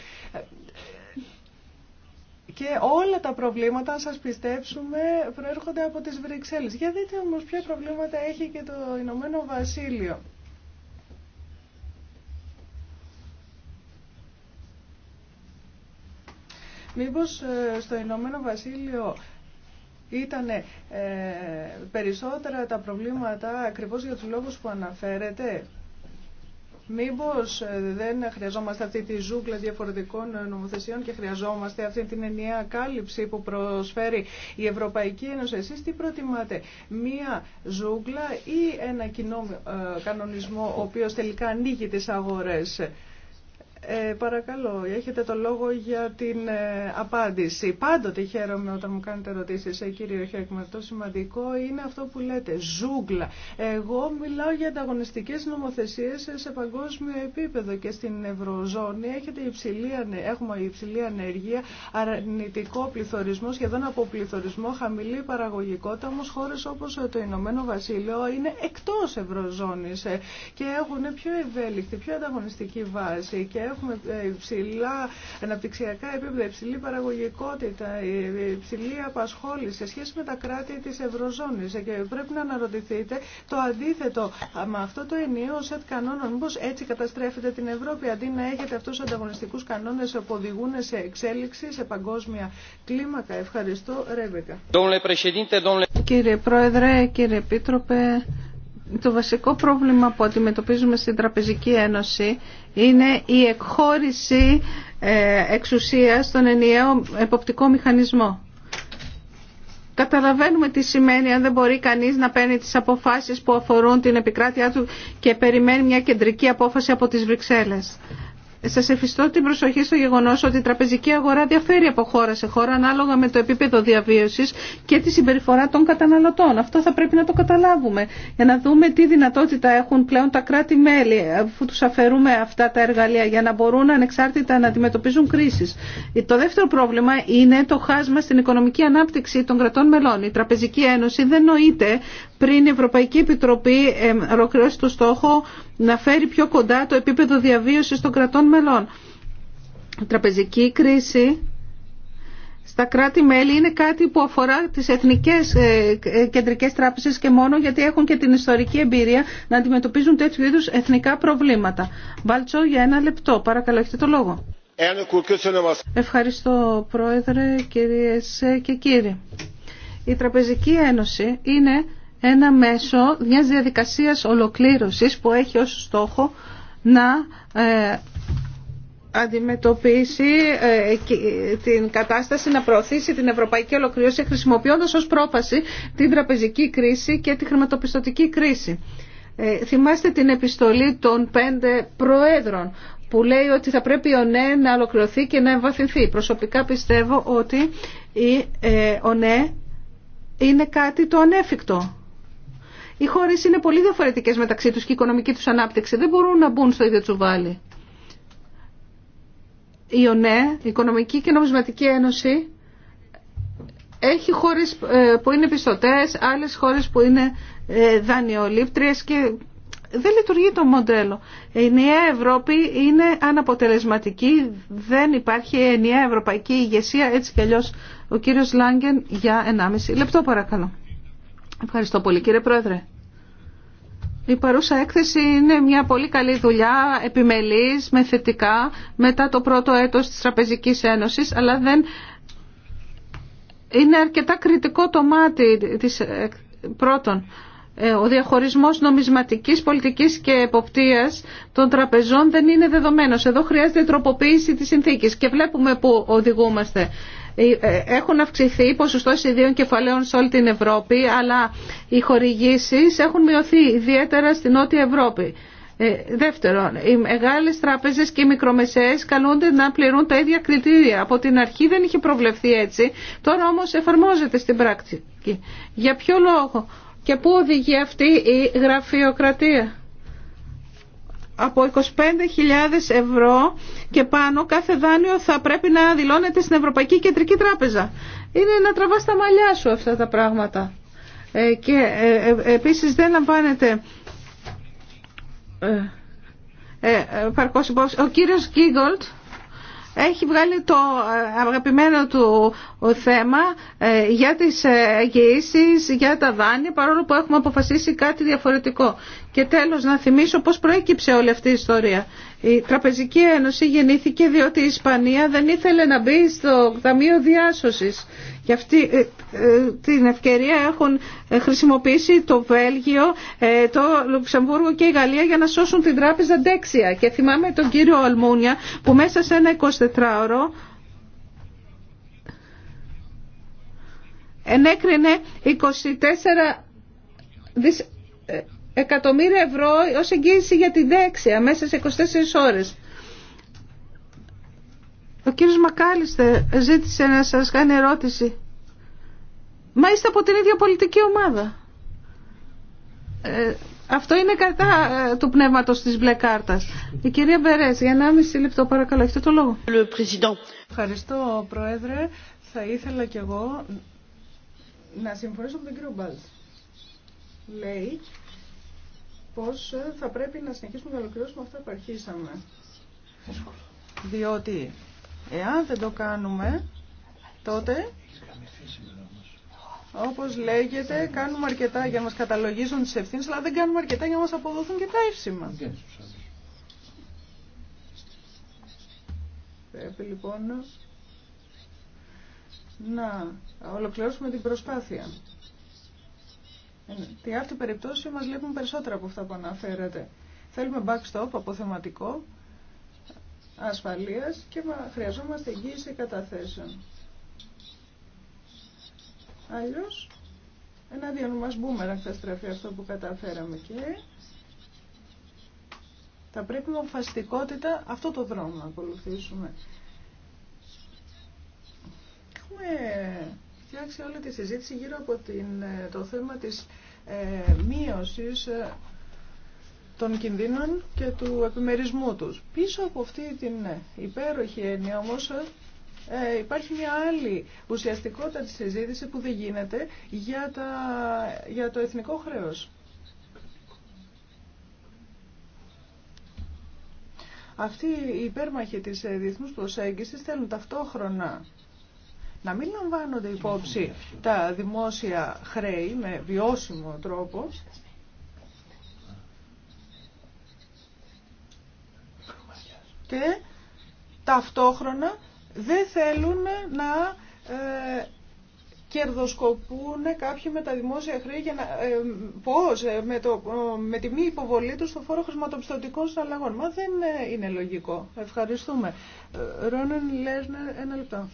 Και όλα τα προβλήματα, αν σας πιστέψουμε, προέρχονται από τις Βρυξέλλες. Για δείτε όμως ποια προβλήματα έχει και το Ηνωμένο Βασίλειο. Μήπως ε, στο Ηνωμένο Βασίλειο ήταν ε, περισσότερα τα προβλήματα ακριβώς για τους λόγους που αναφέρετε. Μήπως ε, δεν χρειαζόμαστε αυτή τη ζούγκλα διαφορετικών νομοθεσιών και χρειαζόμαστε αυτή την ενιαία κάλυψη που προσφέρει η Ευρωπαϊκή Ένωση. Εσείς τι προτιμάτε, μία ζούγκλα ή ένα κοινό κανονισμό ο οποίος τελικά ανοίγει τις αγορές. Ε, παρακαλώ, έχετε το λόγο για την ε, απάντηση. Πάντοτε χαίρομαι όταν μου κάνετε ερωτήσεις, ε, κύριο Χέκμα. Το σημαντικό είναι αυτό που λέτε, ζούγκλα. Εγώ μιλάω για ανταγωνιστικέ νομοθεσίε ε, σε παγκόσμιο επίπεδο και στην Ευρωζώνη έχετε υψηλή, έχουμε υψηλή ανεργία, αρνητικό πληθωρισμό, σχεδόν από πληθωρισμό, χαμηλή παραγωγικότητα, όμως χώρε όπω ε, το Ηνωμένο Βασίλειο είναι εκτός Ευρωζώνης και έχουν πιο ευέλικτη, πιο ανταγωνιστική βάση και Έχουμε ε, υψηλά αναπτυξιακά επίπεδα, υψηλή παραγωγικότητα, ε, ε, υψηλή απασχόληση σε σχέση με τα κράτη της Ευρωζώνης. Και πρέπει να αναρωτηθείτε το αντίθετο με αυτό το ενιαίο σετ κανόνων. Μήπως έτσι καταστρέφεται την Ευρώπη αντί να έχετε αυτού του ανταγωνιστικού κανόνε που οδηγούν σε εξέλιξη, σε παγκόσμια κλίμακα. Ευχαριστώ. Ρέβεκα. Κύριε Πρόεδρε, κύριε Επίτροπε, το βασικό πρόβλημα που αντιμετωπίζουμε στην Τραπεζική Ένωση είναι η εκχώρηση ε, εξουσίας στον ενιαίο εποπτικό μηχανισμό. Καταλαβαίνουμε τι σημαίνει αν δεν μπορεί κανείς να παίρνει τις αποφάσεις που αφορούν την επικράτειά του και περιμένει μια κεντρική απόφαση από τις Βρυξέλλες. Σα ευχηστώ την προσοχή στο γεγονό ότι η τραπεζική αγορά διαφέρει από χώρα σε χώρα ανάλογα με το επίπεδο διαβίωση και τη συμπεριφορά των καταναλωτών. Αυτό θα πρέπει να το καταλάβουμε για να δούμε τι δυνατότητα έχουν πλέον τα κράτη-μέλη αφού του αφαιρούμε αυτά τα εργαλεία για να μπορούν ανεξάρτητα να αντιμετωπίζουν κρίσει. Το δεύτερο πρόβλημα είναι το χάσμα στην οικονομική ανάπτυξη των κρατών μελών. Η Τραπεζική Ένωση δεν νοείται πριν η Ευρωπαϊκή Επιτροπή ε, ολοκληρώσει το στόχο να φέρει πιο κοντά το επίπεδο διαβίωσης των κρατών μελών. Η τραπεζική κρίση στα κράτη-μέλη είναι κάτι που αφορά τις εθνικές ε, ε, κεντρικές τράπεζες και μόνο γιατί έχουν και την ιστορική εμπειρία να αντιμετωπίζουν τέτοιου είδους εθνικά προβλήματα. Βάλτσο, για ένα λεπτό. Παρακαλώ, έχετε το λόγο. Ευχαριστώ, Πρόεδρε, κυρίες και κύριοι. Η Τραπεζική Ένωση είναι ένα μέσο μιας διαδικασίας ολοκλήρωσης που έχει ως στόχο να ε, αντιμετωπίσει ε, την κατάσταση, να προωθήσει την ευρωπαϊκή ολοκλήρωση χρησιμοποιώντας ως πρόπαση την τραπεζική κρίση και τη χρηματοπιστωτική κρίση. Ε, θυμάστε την επιστολή των πέντε προέδρων που λέει ότι θα πρέπει ο ΝΕ να ολοκληρωθεί και να εμβαθυνθεί. Προσωπικά πιστεύω ότι η, ε, είναι κάτι το ανέφικτο. Οι χώρες είναι πολύ διαφορετικές μεταξύ τους και η οικονομική τους ανάπτυξη δεν μπορούν να μπουν στο ίδιο τσουβάλι. Η ΟΝΕ, η Οικονομική και Νομισματική Ένωση, έχει χώρες ε, που είναι πιστωτές, άλλες χώρες που είναι ε, δανειολήπτριες και δεν λειτουργεί το μοντέλο. Η ενιαία Ευρώπη είναι αναποτελεσματική, δεν υπάρχει ενιαία ευρωπαϊκή ηγεσία, έτσι κι αλλιώς ο κύριος Λάγκεν για 1,5 λεπτό παρακαλώ. Ευχαριστώ πολύ κύριε Πρόεδρε. Η παρούσα έκθεση είναι μια πολύ καλή δουλειά, επιμελής, με θετικά, μετά το πρώτο έτος της Τραπεζικής Ένωσης, αλλά δεν είναι αρκετά κριτικό το μάτι της ε, πρώτων. Ε, ο διαχωρισμός νομισματικής πολιτικής και εποπτείας των τραπεζών δεν είναι δεδομένος. Εδώ χρειάζεται τροποποίηση της συνθήκης και βλέπουμε που οδηγούμαστε. Ε, ε, έχουν αυξηθεί οι ποσοστό ιδίων κεφαλαίων σε όλη την Ευρώπη, αλλά οι χορηγήσει έχουν μειωθεί ιδιαίτερα στην Νότια Ευρώπη. Ε, δεύτερον, οι μεγάλες τράπεζες και οι μικρομεσαίες καλούνται να πληρούν τα ίδια κριτήρια. Από την αρχή δεν είχε προβλεφθεί έτσι, τώρα όμως εφαρμόζεται στην πράξη. Για ποιο λόγο και πού οδηγεί αυτή η γραφειοκρατία από 25.000 ευρώ και πάνω κάθε δάνειο θα πρέπει να δηλώνεται στην Ευρωπαϊκή Κεντρική Τράπεζα. Είναι να τραβάς τα μαλλιά σου αυτά τα πράγματα. Ε, και ε, ε, επίσης δεν λαμβάνεται ο κύριος Γκίγκολτ έχει βγάλει το αγαπημένο του θέμα ε, για τις ε, εγγυήσεις, για τα δάνεια, παρόλο που έχουμε αποφασίσει κάτι διαφορετικό. Και τέλος να θυμίσω πώς προέκυψε όλη αυτή η ιστορία. Η Τραπεζική Ένωση γεννήθηκε διότι η Ισπανία δεν ήθελε να μπει στο Ταμείο Διάσωσης. Γι' αυτή ε, την ευκαιρία έχουν χρησιμοποιήσει το Βέλγιο, το Λουξεμβούργο και η Γαλλία για να σώσουν την τράπεζα Ντέξια. Και θυμάμαι τον κύριο Αλμούνια που μέσα σε ένα 24ωρο ενέκρινε 24 ε, εκατομμύρια ευρώ ως εγγύηση για την δέξια μέσα σε 24 ώρες. Ο κύριος Μακάλιστε ζήτησε να σας κάνει ερώτηση. Μα είστε από την ίδια πολιτική ομάδα. Ε, αυτό είναι κατά ε, του πνεύματος της μπλε κάρτας. Η κυρία Μπερές, για 1,5 λεπτό παρακαλώ, έχετε το λόγο. Ευχαριστώ, Πρόεδρε. Θα ήθελα κι εγώ να συμφωνήσω με τον κύριο Μπάλτ. Λέει πως ε, θα πρέπει να συνεχίσουμε να ολοκληρώσουμε αυτά που αρχίσαμε. Διότι εάν δεν το κάνουμε, τότε, όπως λέγεται, κάνουμε αρκετά για να μας καταλογίζουν τι ευθύνε, αλλά δεν κάνουμε αρκετά για να μας αποδοθούν και τα εύσημα. Πρέπει λοιπόν να ολοκληρώσουμε την προσπάθεια. Ε, Τι αυτή περιπτώσει μας λείπουν περισσότερα από αυτά που αναφέρατε. Θέλουμε backstop, αποθεματικό, ασφαλείας και χρειαζόμαστε εγγύηση καταθέσεων. Αλλιώς, ένα μας μπούμεραν θα στραφεί αυτό που καταφέραμε και θα πρέπει με αποφασιστικότητα αυτό το δρόμο να ακολουθήσουμε έχουμε φτιάξει όλη τη συζήτηση γύρω από την, ε, το θέμα της ε, μείωσης ε, των κινδύνων και του επιμερισμού τους. Πίσω από αυτή την υπέροχη έννοια όμως ε, ε υπάρχει μια άλλη ουσιαστικότατη συζήτηση που δεν γίνεται για, τα, για το εθνικό χρέος. Αυτοί οι υπέρμαχοι της διεθνούς προσέγγισης θέλουν ταυτόχρονα να μην λαμβάνονται υπόψη τα δημόσια χρέη με βιώσιμο τρόπο. Και ταυτόχρονα δεν θέλουν να ε, κερδοσκοπούν κάποιοι με τα δημόσια χρέη για να, ε, πώς, ε, με, το, τη μη υποβολή του στο φόρο χρηματοπιστωτικών συναλλαγών. Μα δεν ε, είναι λογικό. Ευχαριστούμε. Ρόνεν Λέσνερ, ένα λεπτό.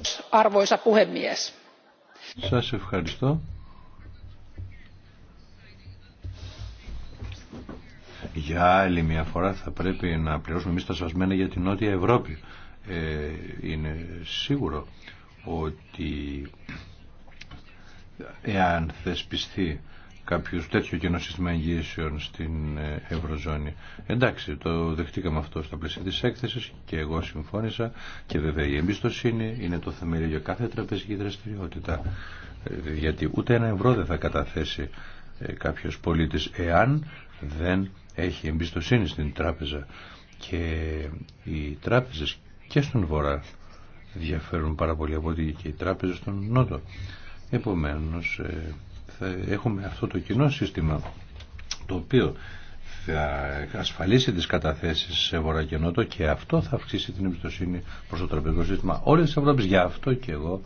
Σας ευχαριστώ. Για άλλη μια φορά θα πρέπει να πληρώσουμε εμεί τα σασμένα για την Νότια Ευρώπη. είναι σίγουρο ότι εάν θεσπιστεί κάποιο τέτοιο κοινό σύστημα εγγύησεων στην ε, Ευρωζώνη. Εντάξει, το δεχτήκαμε αυτό στα πλαίσια τη έκθεση και εγώ συμφώνησα και βέβαια η εμπιστοσύνη είναι το θεμέλιο για κάθε τραπεζική δραστηριότητα. Ε, γιατί ούτε ένα ευρώ δεν θα καταθέσει ε, κάποιος πολίτης εάν δεν έχει εμπιστοσύνη στην τράπεζα. Και οι τράπεζες και στον Βορρά διαφέρουν πάρα πολύ από ότι και οι τράπεζες στον Νότο. Επομένως ε, θα έχουμε αυτό το κοινό σύστημα το οποίο θα ασφαλίσει τις καταθέσεις σε βορρά και νότο και αυτό θα αυξήσει την εμπιστοσύνη προς το τραπεζικό σύστημα όλες τις Ευρώπης. Γι' αυτό και εγώ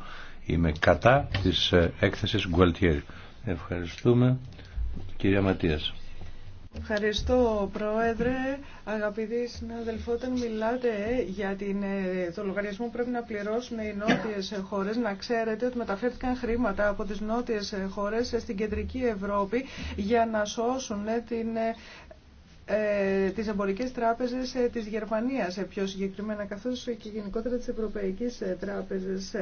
είμαι κατά της ε, έκθεσης Γκουαλτιέρη. Ευχαριστούμε κυρία Ματίας. Ευχαριστώ, Πρόεδρε. Αγαπητοί συνάδελφοι, όταν μιλάτε για την, ε, το λογαριασμό που πρέπει να πληρώσουν οι νότιε χώρε, να ξέρετε ότι μεταφέρθηκαν χρήματα από τι νότιε χώρε στην κεντρική Ευρώπη για να σώσουν ε, την ε, τις εμπορικές τράπεζες της Γερμανίας πιο συγκεκριμένα καθώς και γενικότερα τις ευρωπαϊκές τράπεζες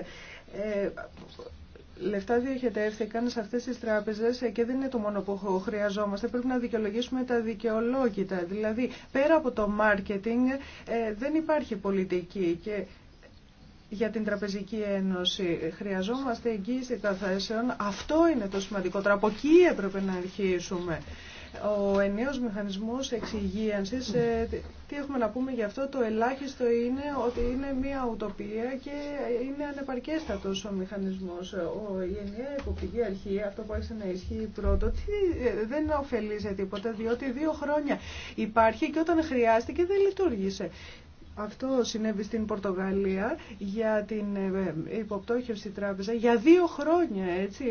λεφτά διοχετεύθηκαν σε αυτές τις τράπεζες και δεν είναι το μόνο που χρειαζόμαστε. Πρέπει να δικαιολογήσουμε τα δικαιολόγητα. Δηλαδή, πέρα από το μάρκετινγκ δεν υπάρχει πολιτική και για την Τραπεζική Ένωση. Χρειαζόμαστε εγγύηση καθέσεων. Αυτό είναι το σημαντικότερο. Από εκεί έπρεπε να αρχίσουμε. Ο ενίος μηχανισμός εξυγίανσης, ε, τι έχουμε να πούμε γι' αυτό, το ελάχιστο είναι ότι είναι μια ουτοπία και είναι ανεπαρκέστατος ο μηχανισμός. Ο, η ενιαία υποπτική αρχή, αυτό που άρχισε να ισχύει πρώτο, τι, ε, δεν ωφελεί σε τίποτα, διότι δύο χρόνια υπάρχει και όταν χρειάστηκε δεν λειτουργήσε. Αυτό συνέβη στην Πορτογαλία για την ε, ε, υποπτώχευση τράπεζα για δύο χρόνια έτσι.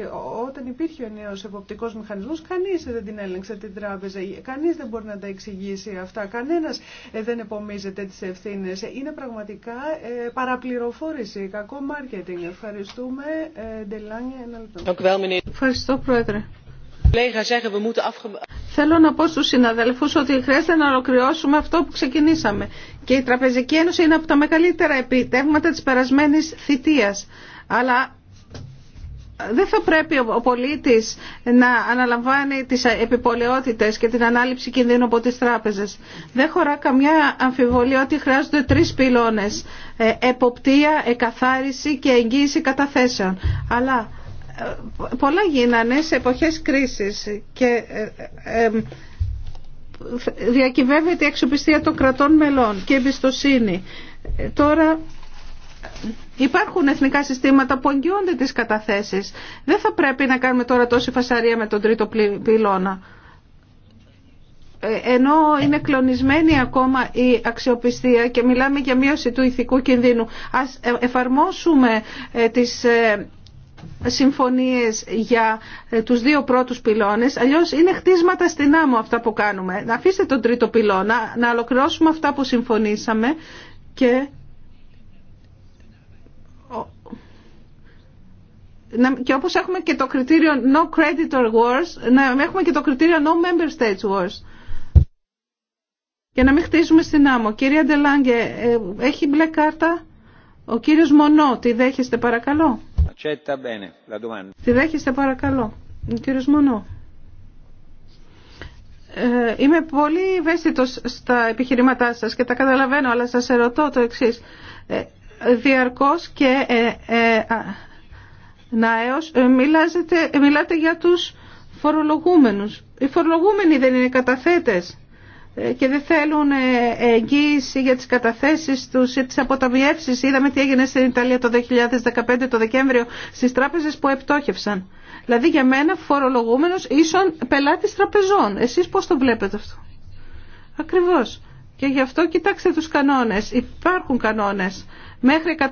Όταν υπήρχε ο νέος εποπτικό μηχανισμός κανείς δεν την έλεγξε την τράπεζα, κανείς δεν μπορεί να τα εξηγήσει αυτά, κανένας ε, δεν επομίζεται τι ευθύνε. Είναι πραγματικά παραπληροφόρηση, κακό μάρκετινγκ. Ευχαριστούμε. Ντελάνια, ένα Ευχαριστώ Πρόεδρε. Θέλω να πω στους συναδελφούς ότι χρειάζεται να ολοκληρώσουμε αυτό που ξεκινήσαμε. Και η Τραπεζική Ένωση είναι από τα μεγαλύτερα επιτεύγματα της περασμένης θητείας. Αλλά δεν θα πρέπει ο πολίτης να αναλαμβάνει τις επιπολαιότητες και την ανάληψη κινδύνου από τις τράπεζες. Δεν χωρά καμιά αμφιβολία ότι χρειάζονται τρεις πυλώνες. Ε, εποπτεία, εκαθάριση και εγγύηση καταθέσεων. Αλλά πολλά γίνανε σε εποχές κρίσης και ε, ε, ε, διακυβεύεται η αξιοπιστία των κρατών μελών και η εμπιστοσύνη. Τώρα υπάρχουν εθνικά συστήματα που εγγυώνται τις καταθέσεις. Δεν θα πρέπει να κάνουμε τώρα τόση φασαρία με τον τρίτο πυλώνα. Ενώ είναι κλονισμένη ακόμα η αξιοπιστία και μιλάμε για μείωση του ηθικού κινδύνου. Ας εφαρμόσουμε τις συμφωνίες για ε, τους δύο πρώτους πυλώνες, αλλιώς είναι χτίσματα στην άμμο αυτά που κάνουμε. Να αφήστε τον τρίτο πυλώνα, να ολοκληρώσουμε αυτά που συμφωνήσαμε και και όπως έχουμε και το κριτήριο no creditor wars, να έχουμε και το κριτήριο no member states wars. Και να μην χτίζουμε στην άμμο. Κυρία Ντελάγκε, ε, έχει μπλε κάρτα. Ο κύριος Μονό, τη δέχεστε παρακαλώ. Τη δέχεστε παρακαλώ. Κύριος Μονό. Ε, είμαι πολύ ευαίσθητος στα επιχειρήματά σας και τα καταλαβαίνω, αλλά σας ερωτώ το εξής. Ε, διαρκώς και ε, ε, να έως, μιλάτε για τους φορολογούμενους. Οι φορολογούμενοι δεν είναι καταθέτες. Ε, και δεν θέλουν ε, εγγύηση για τις καταθέσεις τους ή τις αποταμιεύσεις. Είδαμε τι έγινε στην Ιταλία το 2015 το Δεκέμβριο στις τράπεζες που επτόχευσαν. Δηλαδή για μένα φορολογούμενος ίσον πελάτης τραπεζών. Εσείς πώς το βλέπετε αυτό. Ακριβώς. Και γι' αυτό κοιτάξτε τους κανόνες. Υπάρχουν κανόνες. Μέχρι 100.000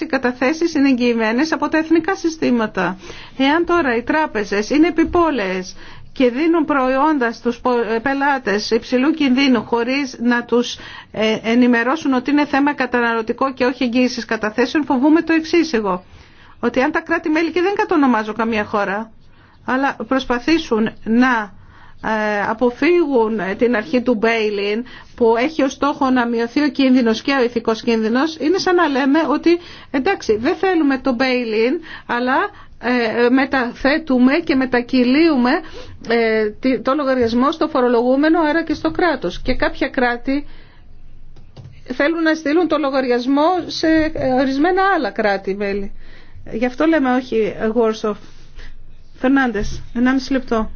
οι καταθέσεις είναι εγγυημένες από τα εθνικά συστήματα. Εάν τώρα οι τράπεζες είναι επιπόλαιες και δίνουν προϊόντα στους ε, πελάτες υψηλού κινδύνου χωρίς να τους ε, ενημερώσουν ότι είναι θέμα καταναλωτικό και όχι εγγύησης καταθέσεων, φοβούμε το εξή εγώ. Ότι αν τα κράτη-μέλη, και δεν κατονομάζω καμία χώρα, αλλά προσπαθήσουν να ε, αποφύγουν την αρχή του bail-in που έχει ως στόχο να μειωθεί ο κίνδυνος και ο ηθικός κίνδυνος είναι σαν να λέμε ότι εντάξει δεν θέλουμε το bail-in αλλά ε, ε, μεταθέτουμε και μετακυλίουμε ε, το λογαριασμό στο φορολογούμενο άρα και στο κράτος. Και κάποια κράτη θέλουν να στείλουν το λογαριασμό σε ορισμένα άλλα κράτη-μέλη. Γι' αυτό λέμε όχι Warsaw. Φερνάντες, 1,5 λεπτό.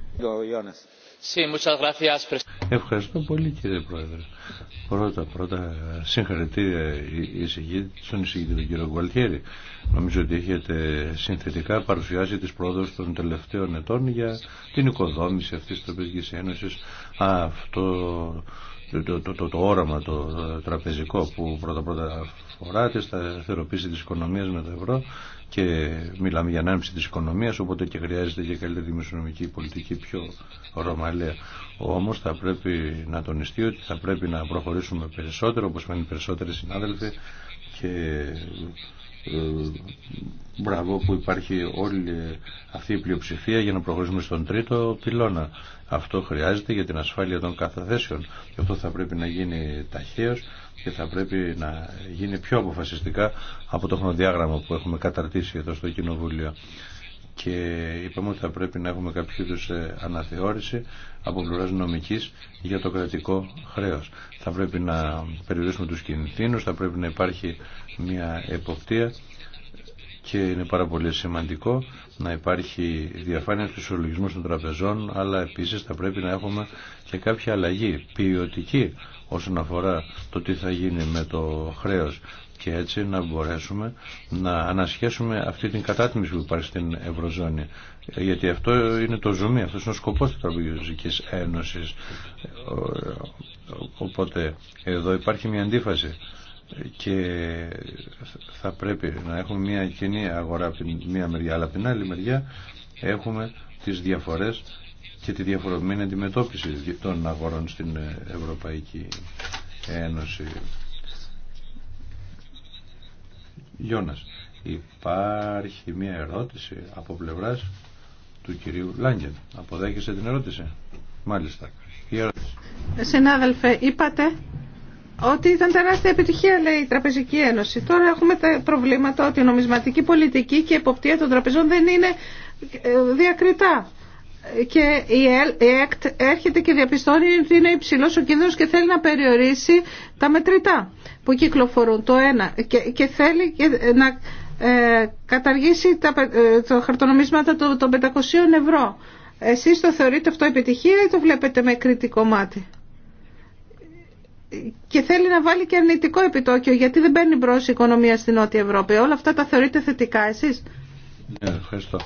Ευχαριστώ πολύ κύριε Πρόεδρε. Πρώτα, πρώτα συγχαρητήρια στον εισηγητή τον κύριο Γουαλτιέρη. Νομίζω ότι έχετε συνθετικά παρουσιάσει τις πρότασης των τελευταίων ετών για την οικοδόμηση αυτής της Τραπεζικής Ένωσης. Αυτό το, το, το, όραμα το τραπεζικό που πρώτα πρώτα αφορά τη σταθεροποίηση της οικονομίας με το ευρώ και μιλάμε για ανάμψη της οικονομίας οπότε και χρειάζεται για καλύτερη δημοσιονομική πολιτική πιο ρωμαλαία. Όμως θα πρέπει να τονιστεί ότι θα πρέπει να προχωρήσουμε περισσότερο όπως πάνε περισσότεροι συνάδελφοι και ε, μπράβο που υπάρχει όλη αυτή η πλειοψηφία για να προχωρήσουμε στον τρίτο πυλώνα. Αυτό χρειάζεται για την ασφάλεια των καταθέσεων και αυτό θα πρέπει να γίνει ταχαίως και θα πρέπει να γίνει πιο αποφασιστικά από το χρονοδιάγραμμα που έχουμε καταρτήσει εδώ στο Κοινοβούλιο και είπαμε ότι θα πρέπει να έχουμε κάποιο είδου ε, αναθεώρηση από πλευρά νομική για το κρατικό χρέο. Θα πρέπει να περιορίσουμε του κινδύνου, θα πρέπει να υπάρχει μια εποπτεία και είναι πάρα πολύ σημαντικό να υπάρχει διαφάνεια στους ολογισμούς των τραπεζών αλλά επίσης θα πρέπει να έχουμε και κάποια αλλαγή ποιοτική όσον αφορά το τι θα γίνει με το χρέος και έτσι να μπορέσουμε να ανασχέσουμε αυτή την κατάτμιση που υπάρχει στην Ευρωζώνη. Γιατί αυτό είναι το ζουμί, αυτός είναι ο σκοπός της Τραπεζικής Ένωσης. Οπότε εδώ υπάρχει μια αντίφαση και θα πρέπει να έχουμε μια κοινή αγορά από την μία μεριά αλλά από την άλλη μεριά έχουμε τις διαφορές και τη διαφορετική αντιμετώπιση των αγορών στην Ευρωπαϊκή Ένωση. Γιώνας, υπάρχει μια ερώτηση από πλευράς του κυρίου Λάγκεν. Αποδέχεσαι την ερώτηση. Μάλιστα. Η ερώτηση. Συνάδελφε, είπατε ότι ήταν τεράστια επιτυχία, λέει η Τραπεζική Ένωση. Τώρα έχουμε τα προβλήματα ότι η νομισματική πολιτική και η εποπτεία των τραπεζών δεν είναι ε, διακριτά και η ΕΚΤ έρχεται και διαπιστώνει ότι είναι υψηλό ο κίνδυνος και θέλει να περιορίσει τα μετρητά που κυκλοφορούν το ένα και, θέλει να ε, καταργήσει τα, ε, το χαρτονομίσματα των 500 ευρώ. Εσείς το θεωρείτε αυτό επιτυχία ή το βλέπετε με κριτικό μάτι. Και θέλει να βάλει και αρνητικό επιτόκιο γιατί δεν παίρνει μπρος η οικονομία στην Νότια Ευρώπη. Όλα αυτά τα θεωρείτε θετικά εσείς. Ναι, ευχαριστώ.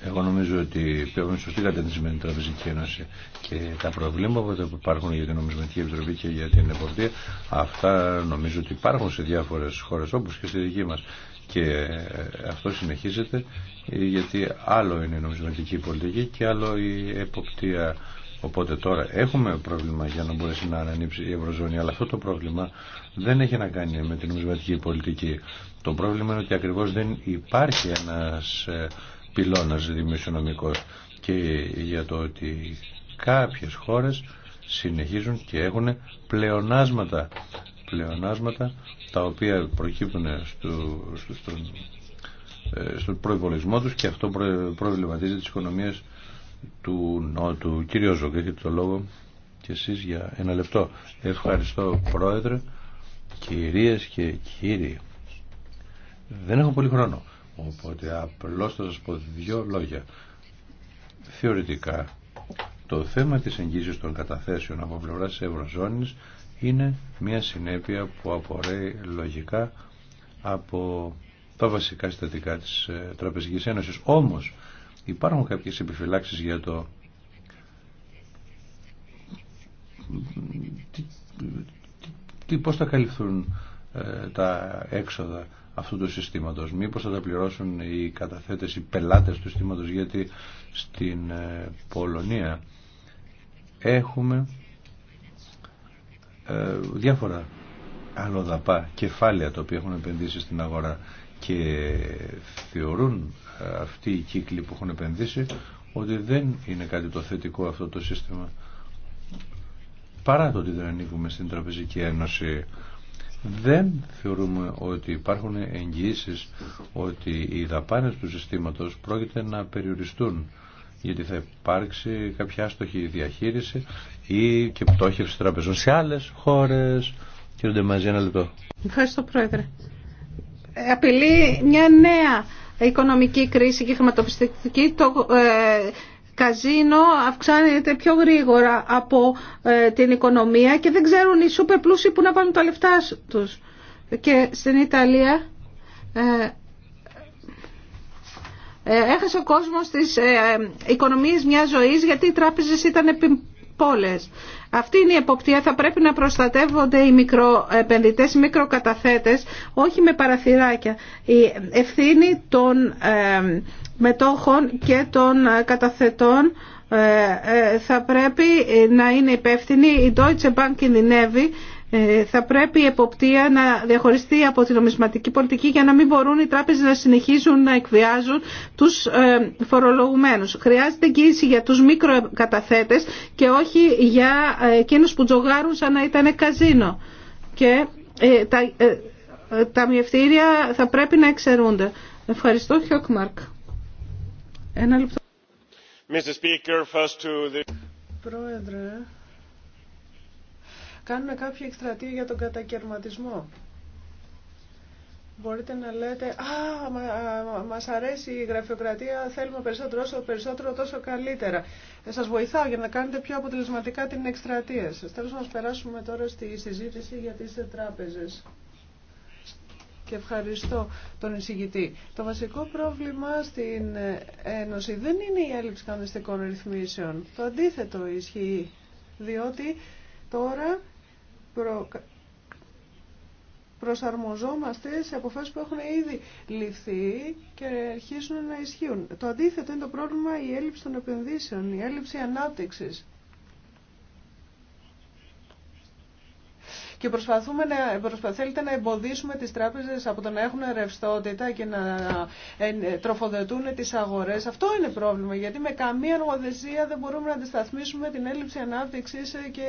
Εγώ νομίζω ότι να σωστή κατεύθυνση με την Τραπεζική Ένωση και τα προβλήματα που υπάρχουν για την Νομισματική Επιτροπή και για την Εποπτεία, αυτά νομίζω ότι υπάρχουν σε διάφορες χώρες όπω και στη δική μα. Και ε, αυτό συνεχίζεται γιατί άλλο είναι η νομισματική πολιτική και άλλο η εποπτεία. Οπότε τώρα έχουμε πρόβλημα για να μπορέσει να ανανύψει η Ευρωζώνη, αλλά αυτό το πρόβλημα δεν έχει να κάνει με την νομισματική πολιτική. Το πρόβλημα είναι ότι ακριβώς δεν υπάρχει ένας ε, πυλώνας δημοσιονομικός και για το ότι κάποιες χώρες συνεχίζουν και έχουν πλεονάσματα πλεονάσματα τα οποία προκύπτουν στο, στο, στον, ε, στον προϋπολογισμό τους και αυτό προβληματίζει τις οικονομίες του Νότου. Κύριο Ζωκ, έχετε το λόγο και εσείς για ένα λεπτό. Ευχαριστώ Πρόεδρε, κυρίες και κύριοι. Δεν έχω πολύ χρόνο. Οπότε απλώς θα σας πω δύο λόγια. Θεωρητικά το θέμα της εγγύησης των καταθέσεων από πλευράς Ευρωζώνης είναι μια συνέπεια που απορρέει λογικά από τα βασικά συστατικά της ε, Τραπεζικής Ένωσης. Όμως υπάρχουν κάποιες επιφυλάξεις για το τι, πώς θα καλυφθούν ε, τα έξοδα αυτού του συστήματος. Μήπως θα τα πληρώσουν οι καταθέτες, οι πελάτες του συστήματος, γιατί στην ε, Πολωνία έχουμε ε, διάφορα αλλοδαπά κεφάλαια τα οποία έχουν επενδύσει στην αγορά και θεωρούν ε, αυτοί οι κύκλοι που έχουν επενδύσει ότι δεν είναι κάτι το θετικό αυτό το σύστημα παρά το ότι δεν ανήκουμε στην Τραπεζική Ένωση δεν θεωρούμε ότι υπάρχουν εγγυήσει ότι οι δαπάνες του συστήματος πρόκειται να περιοριστούν γιατί θα υπάρξει κάποια άστοχη διαχείριση ή και πτώχευση τραπεζών σε άλλες χώρες. Κύριε Ντεμαζή, ένα λεπτό. Ευχαριστώ, Πρόεδρε. Απειλεί μια νέα οικονομική κρίση και χρηματοπιστική καζίνο αυξάνεται πιο γρήγορα από ε, την οικονομία και δεν ξέρουν οι σούπερ πλούσιοι που να βάλουν τα λεφτά τους. Και στην Ιταλία ε, ε, έχασε ο κόσμος τις οικονομίες μιας ζωής γιατί οι τράπεζες ήταν πόλες. Αυτή είναι η εποπτεία. Θα πρέπει να προστατεύονται οι μικροεπενδυτές, οι μικροκαταθέτες, όχι με παραθυράκια. Η ευθύνη των ε, μετόχων και των ε, καταθετών ε, θα πρέπει να είναι υπεύθυνη. Η Deutsche Bank κινδυνεύει ε, θα πρέπει η εποπτεία να διαχωριστεί από την νομισματική πολιτική για να μην μπορούν οι τράπεζες να συνεχίζουν να εκβιάζουν τους ε, φορολογουμένους. Χρειάζεται εγγύηση για τους μικροκαταθέτες και όχι για ε, εκείνους που τζογάρουν σαν να ήταν καζίνο. Και τα, τα μιευτήρια θα πρέπει να εξαιρούνται. Ευχαριστώ, Μάρκ. Πρόεδρε, Κάνουμε κάποια εκστρατεία για τον κατακαιρματισμό. Μπορείτε να λέτε «Α, μα, α, μας αρέσει η γραφειοκρατία, θέλουμε περισσότερο, όσο περισσότερο, τόσο καλύτερα». Ε, σας βοηθάω για να κάνετε πιο αποτελεσματικά την εκστρατεία σας. θέλω να περάσουμε τώρα στη συζήτηση για τις τράπεζες. Και ευχαριστώ τον εισηγητή. Το βασικό πρόβλημα στην Ένωση δεν είναι η έλλειψη κανονιστικών ρυθμίσεων. Το αντίθετο ισχύει, διότι τώρα προσαρμοζόμαστε σε αποφάσεις που έχουν ήδη ληφθεί και αρχίζουν να ισχύουν. Το αντίθετο είναι το πρόβλημα η έλλειψη των επενδύσεων, η έλλειψη ανάπτυξης. και προσπαθούμε να, να εμποδίσουμε τις τράπεζες από το να έχουν ρευστότητα και να ε, ε, τροφοδετούν τις αγορές. Αυτό είναι πρόβλημα, γιατί με καμία εργοδεσία δεν μπορούμε να αντισταθμίσουμε την έλλειψη ανάπτυξης και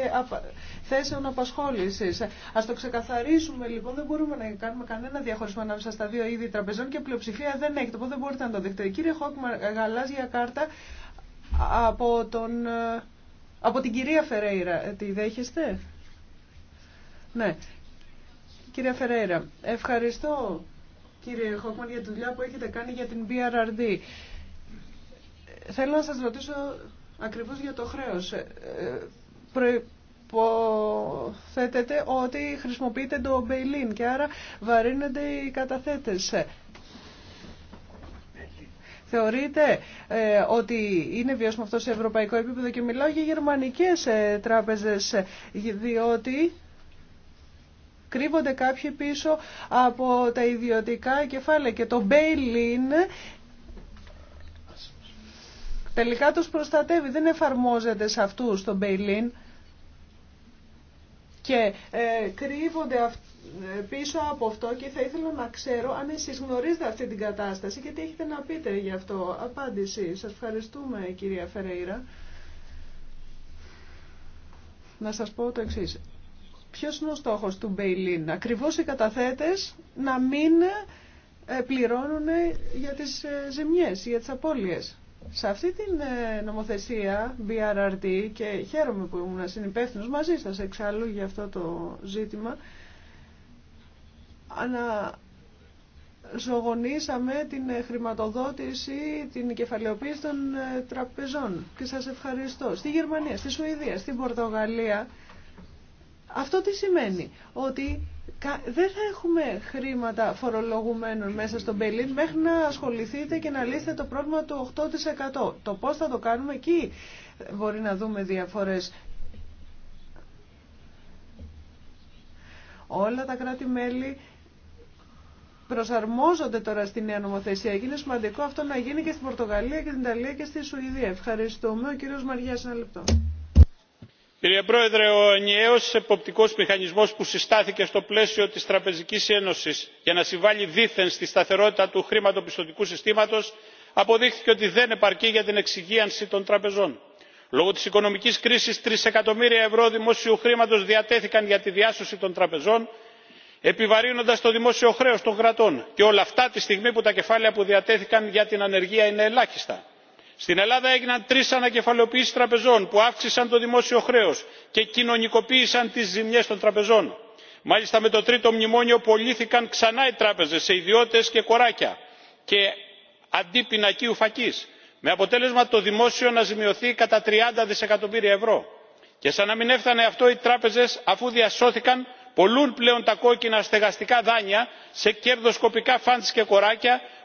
θέσεων απασχόλησης. Ας το ξεκαθαρίσουμε λοιπόν, δεν μπορούμε να κάνουμε κανένα διαχωρισμό ανάμεσα στα δύο είδη τραπεζών και πλειοψηφία δεν έχετε, οπότε δεν μπορείτε να το δείτε. Κύριε Χόκμα, γαλάζια κάρτα από, τον, ε, από την κυρία Φερέιρα, τη δέχεστε. Ναι. Κύριε Φεραίρα, ευχαριστώ κύριε Χόκμαν για τη δουλειά που έχετε κάνει για την BRRD. Θέλω να σας ρωτήσω ακριβώς για το χρέος. Ε, προϋποθέτεται ότι χρησιμοποιείτε το Μπέιλιν και άρα βαρύνονται οι καταθέτες. Θεωρείτε ε, ότι είναι βιώσιμο αυτό σε ευρωπαϊκό επίπεδο και μιλάω για γερμανικές ε, τράπεζες, ε, διότι κρύβονται κάποιοι πίσω από τα ιδιωτικά κεφάλαια και το Μπέιλιν τελικά τους προστατεύει, δεν εφαρμόζεται σε αυτούς το Μπέιλιν και ε, κρύβονται πίσω από αυτό και θα ήθελα να ξέρω αν εσείς γνωρίζετε αυτή την κατάσταση και τι έχετε να πείτε γι' αυτό. Απάντηση. Σας ευχαριστούμε κυρία Φερέιρα. Να σας πω το εξής. Ποιος είναι ο στόχος του Μπέιλιν. Ακριβώς οι καταθέτες να μην ε, πληρώνουν για τις ε, ζημιές, για τις απώλειες. Σε αυτή την ε, νομοθεσία BRRD και χαίρομαι που ήμουν συνυπεύθυνο μαζί σας εξάλλου για αυτό το ζήτημα αναζωογονήσαμε την χρηματοδότηση, την κεφαλαιοποίηση των τραπεζών και σας ευχαριστώ. Στη Γερμανία, στη Σουηδία, στην Πορτογαλία αυτό τι σημαίνει, ότι δεν θα έχουμε χρήματα φορολογουμένων μέσα στον Μπελίν μέχρι να ασχοληθείτε και να λύσετε το πρόβλημα του 8%. Το πώς θα το κάνουμε εκεί μπορεί να δούμε διαφορές. Όλα τα κράτη-μέλη προσαρμόζονται τώρα στη νέα νομοθεσία. είναι σημαντικό αυτό να γίνει και στην Πορτογαλία και στην Ιταλία και στη Σουηδία. Ευχαριστούμε. Ο κύριος Μαριάς, ένα λεπτό κύριε πρόεδρε ο ενιαίος εποπτικός μηχανισμός που συστάθηκε στο πλαίσιο της τραπεζικής ένωσης για να συμβάλει δήθεν στη σταθερότητα του χρηματοπιστωτικού συστήματος αποδείχθηκε ότι δεν επαρκεί για την εξυγίανση των τραπεζών. λόγω της οικονομικής κρίσης εκατομμύρια ευρώ δημόσιου χρήματος διατέθηκαν για τη διάσωση των τραπεζών επιβαρύνοντας το δημόσιο χρέος των κρατών και όλα αυτά τη στιγμή που τα κεφάλαια που διατέθηκαν για την ανεργία είναι ελάχιστα στην ελλάδα έγιναν τρει ανακεφαλαιοποιήσει τραπεζών που αύξησαν το δημόσιο χρέο και κοινωνικοποίησαν τι ζημιέ των τραπεζών. μάλιστα με το τρίτο μνημόνιο πωλήθηκαν ξανά οι τράπεζε σε ιδιώτες και κοράκια και αντί πινακίου φακή με αποτέλεσμα το δημόσιο να ζημιωθεί κατά 30 δισεκατομμύρια ευρώ. και σαν να μην έφτανε αυτό οι τράπεζε αφού διασώθηκαν πολλούν πλέον τα κόκκινα στεγαστικά δάνεια σε κερδοσκοπικά φαντ και κοράκια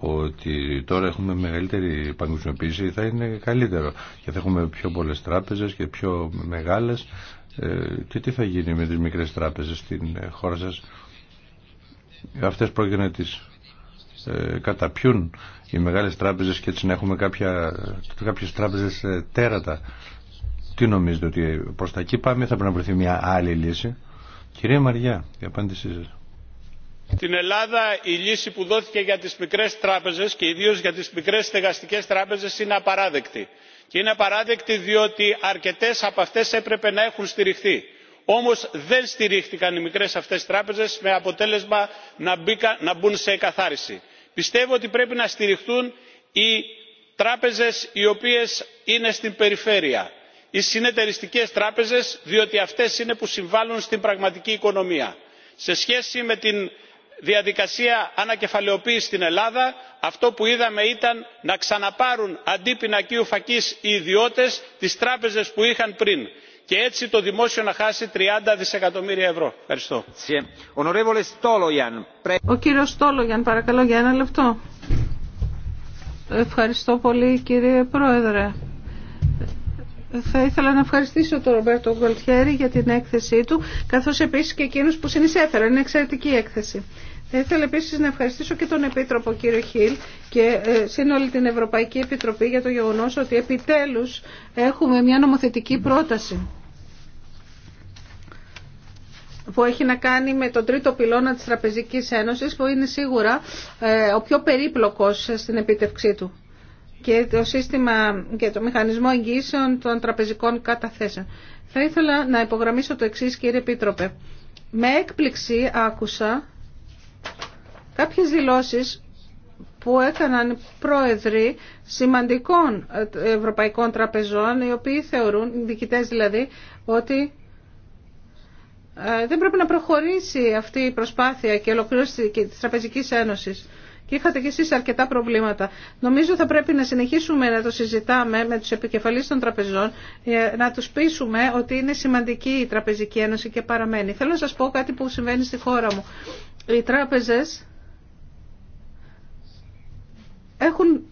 ότι τώρα έχουμε μεγαλύτερη παγκοσμιοποίηση θα είναι καλύτερο και θα έχουμε πιο πολλές τράπεζες και πιο μεγάλες ε, και τι θα γίνει με τις μικρές τράπεζες στην ε, χώρα σας αυτές πρόκειται να τις ε, καταπιούν οι μεγάλες τράπεζες και έτσι να έχουμε κάποια, κάποιες τράπεζες τέρατα τι νομίζετε ότι προς τα εκεί πάμε θα πρέπει να βρεθεί μια άλλη λύση κυρία Μαριά η απάντησή σας στην Ελλάδα η λύση που δόθηκε για τις μικρές τράπεζες και ιδίως για τις μικρές στεγαστικές τράπεζες είναι απαράδεκτη. Και είναι απαράδεκτη διότι αρκετές από αυτές έπρεπε να έχουν στηριχθεί. Όμως δεν στηρίχτηκαν οι μικρές αυτές τράπεζες με αποτέλεσμα να, να μπουν σε εκαθάριση. Πιστεύω ότι πρέπει να στηριχθούν οι τράπεζες οι οποίες είναι στην περιφέρεια οι συνεταιριστικές τράπεζες διότι αυτές είναι που συμβάλλουν στην πραγματική οικονομία. σε σχέση με την διαδικασία ανακεφαλαιοποίησης στην ελλάδα αυτό που είδαμε ήταν να ξαναπάρουν αντί πινακίου φακής οι ιδιώτες τις τράπεζες που είχαν πριν και έτσι το δημόσιο να χάσει 30 δισεκατομμύρια ευρώ. Ευχαριστώ. Ο κύριος παρακαλώ για ένα λεπτό. Ευχαριστώ πολύ κύριε Πρόεδρε. Θα ήθελα να ευχαριστήσω τον Ρομπέρτο Γκολτιέρη για την έκθεσή του, καθώς επίσης και εκείνους που συνεισέφεραν. Είναι εξαιρετική έκθεση. Θα ήθελα επίσης να ευχαριστήσω και τον Επίτροπο κύριο Χιλ και ε, σύνολη την Ευρωπαϊκή Επιτροπή για το γεγονός ότι επιτέλους έχουμε μια νομοθετική πρόταση που έχει να κάνει με τον τρίτο πυλώνα της Τραπεζικής Ένωσης που είναι σίγουρα ε, ο πιο περίπλοκος στην επίτευξή του και το σύστημα και το μηχανισμό εγγύσεων των τραπεζικών καταθέσεων. Θα ήθελα να υπογραμμίσω το εξής κύριε Επίτροπε. Με έκπληξη άκουσα κάποιες δηλώσεις που έκαναν πρόεδροι σημαντικών ε, ευρωπαϊκών τραπεζών, οι οποίοι θεωρούν, διοικητές δηλαδή, ότι ε, δεν πρέπει να προχωρήσει αυτή η προσπάθεια και ολοκλήρωση της Τραπεζικής Ένωσης είχατε κι εσείς αρκετά προβλήματα. Νομίζω θα πρέπει να συνεχίσουμε να το συζητάμε με τους επικεφαλείς των τραπεζών, ε, να τους πείσουμε ότι είναι σημαντική η Τραπεζική Ένωση και παραμένει. Θέλω να σας πω κάτι που συμβαίνει στη χώρα μου. Οι τράπεζες έχουν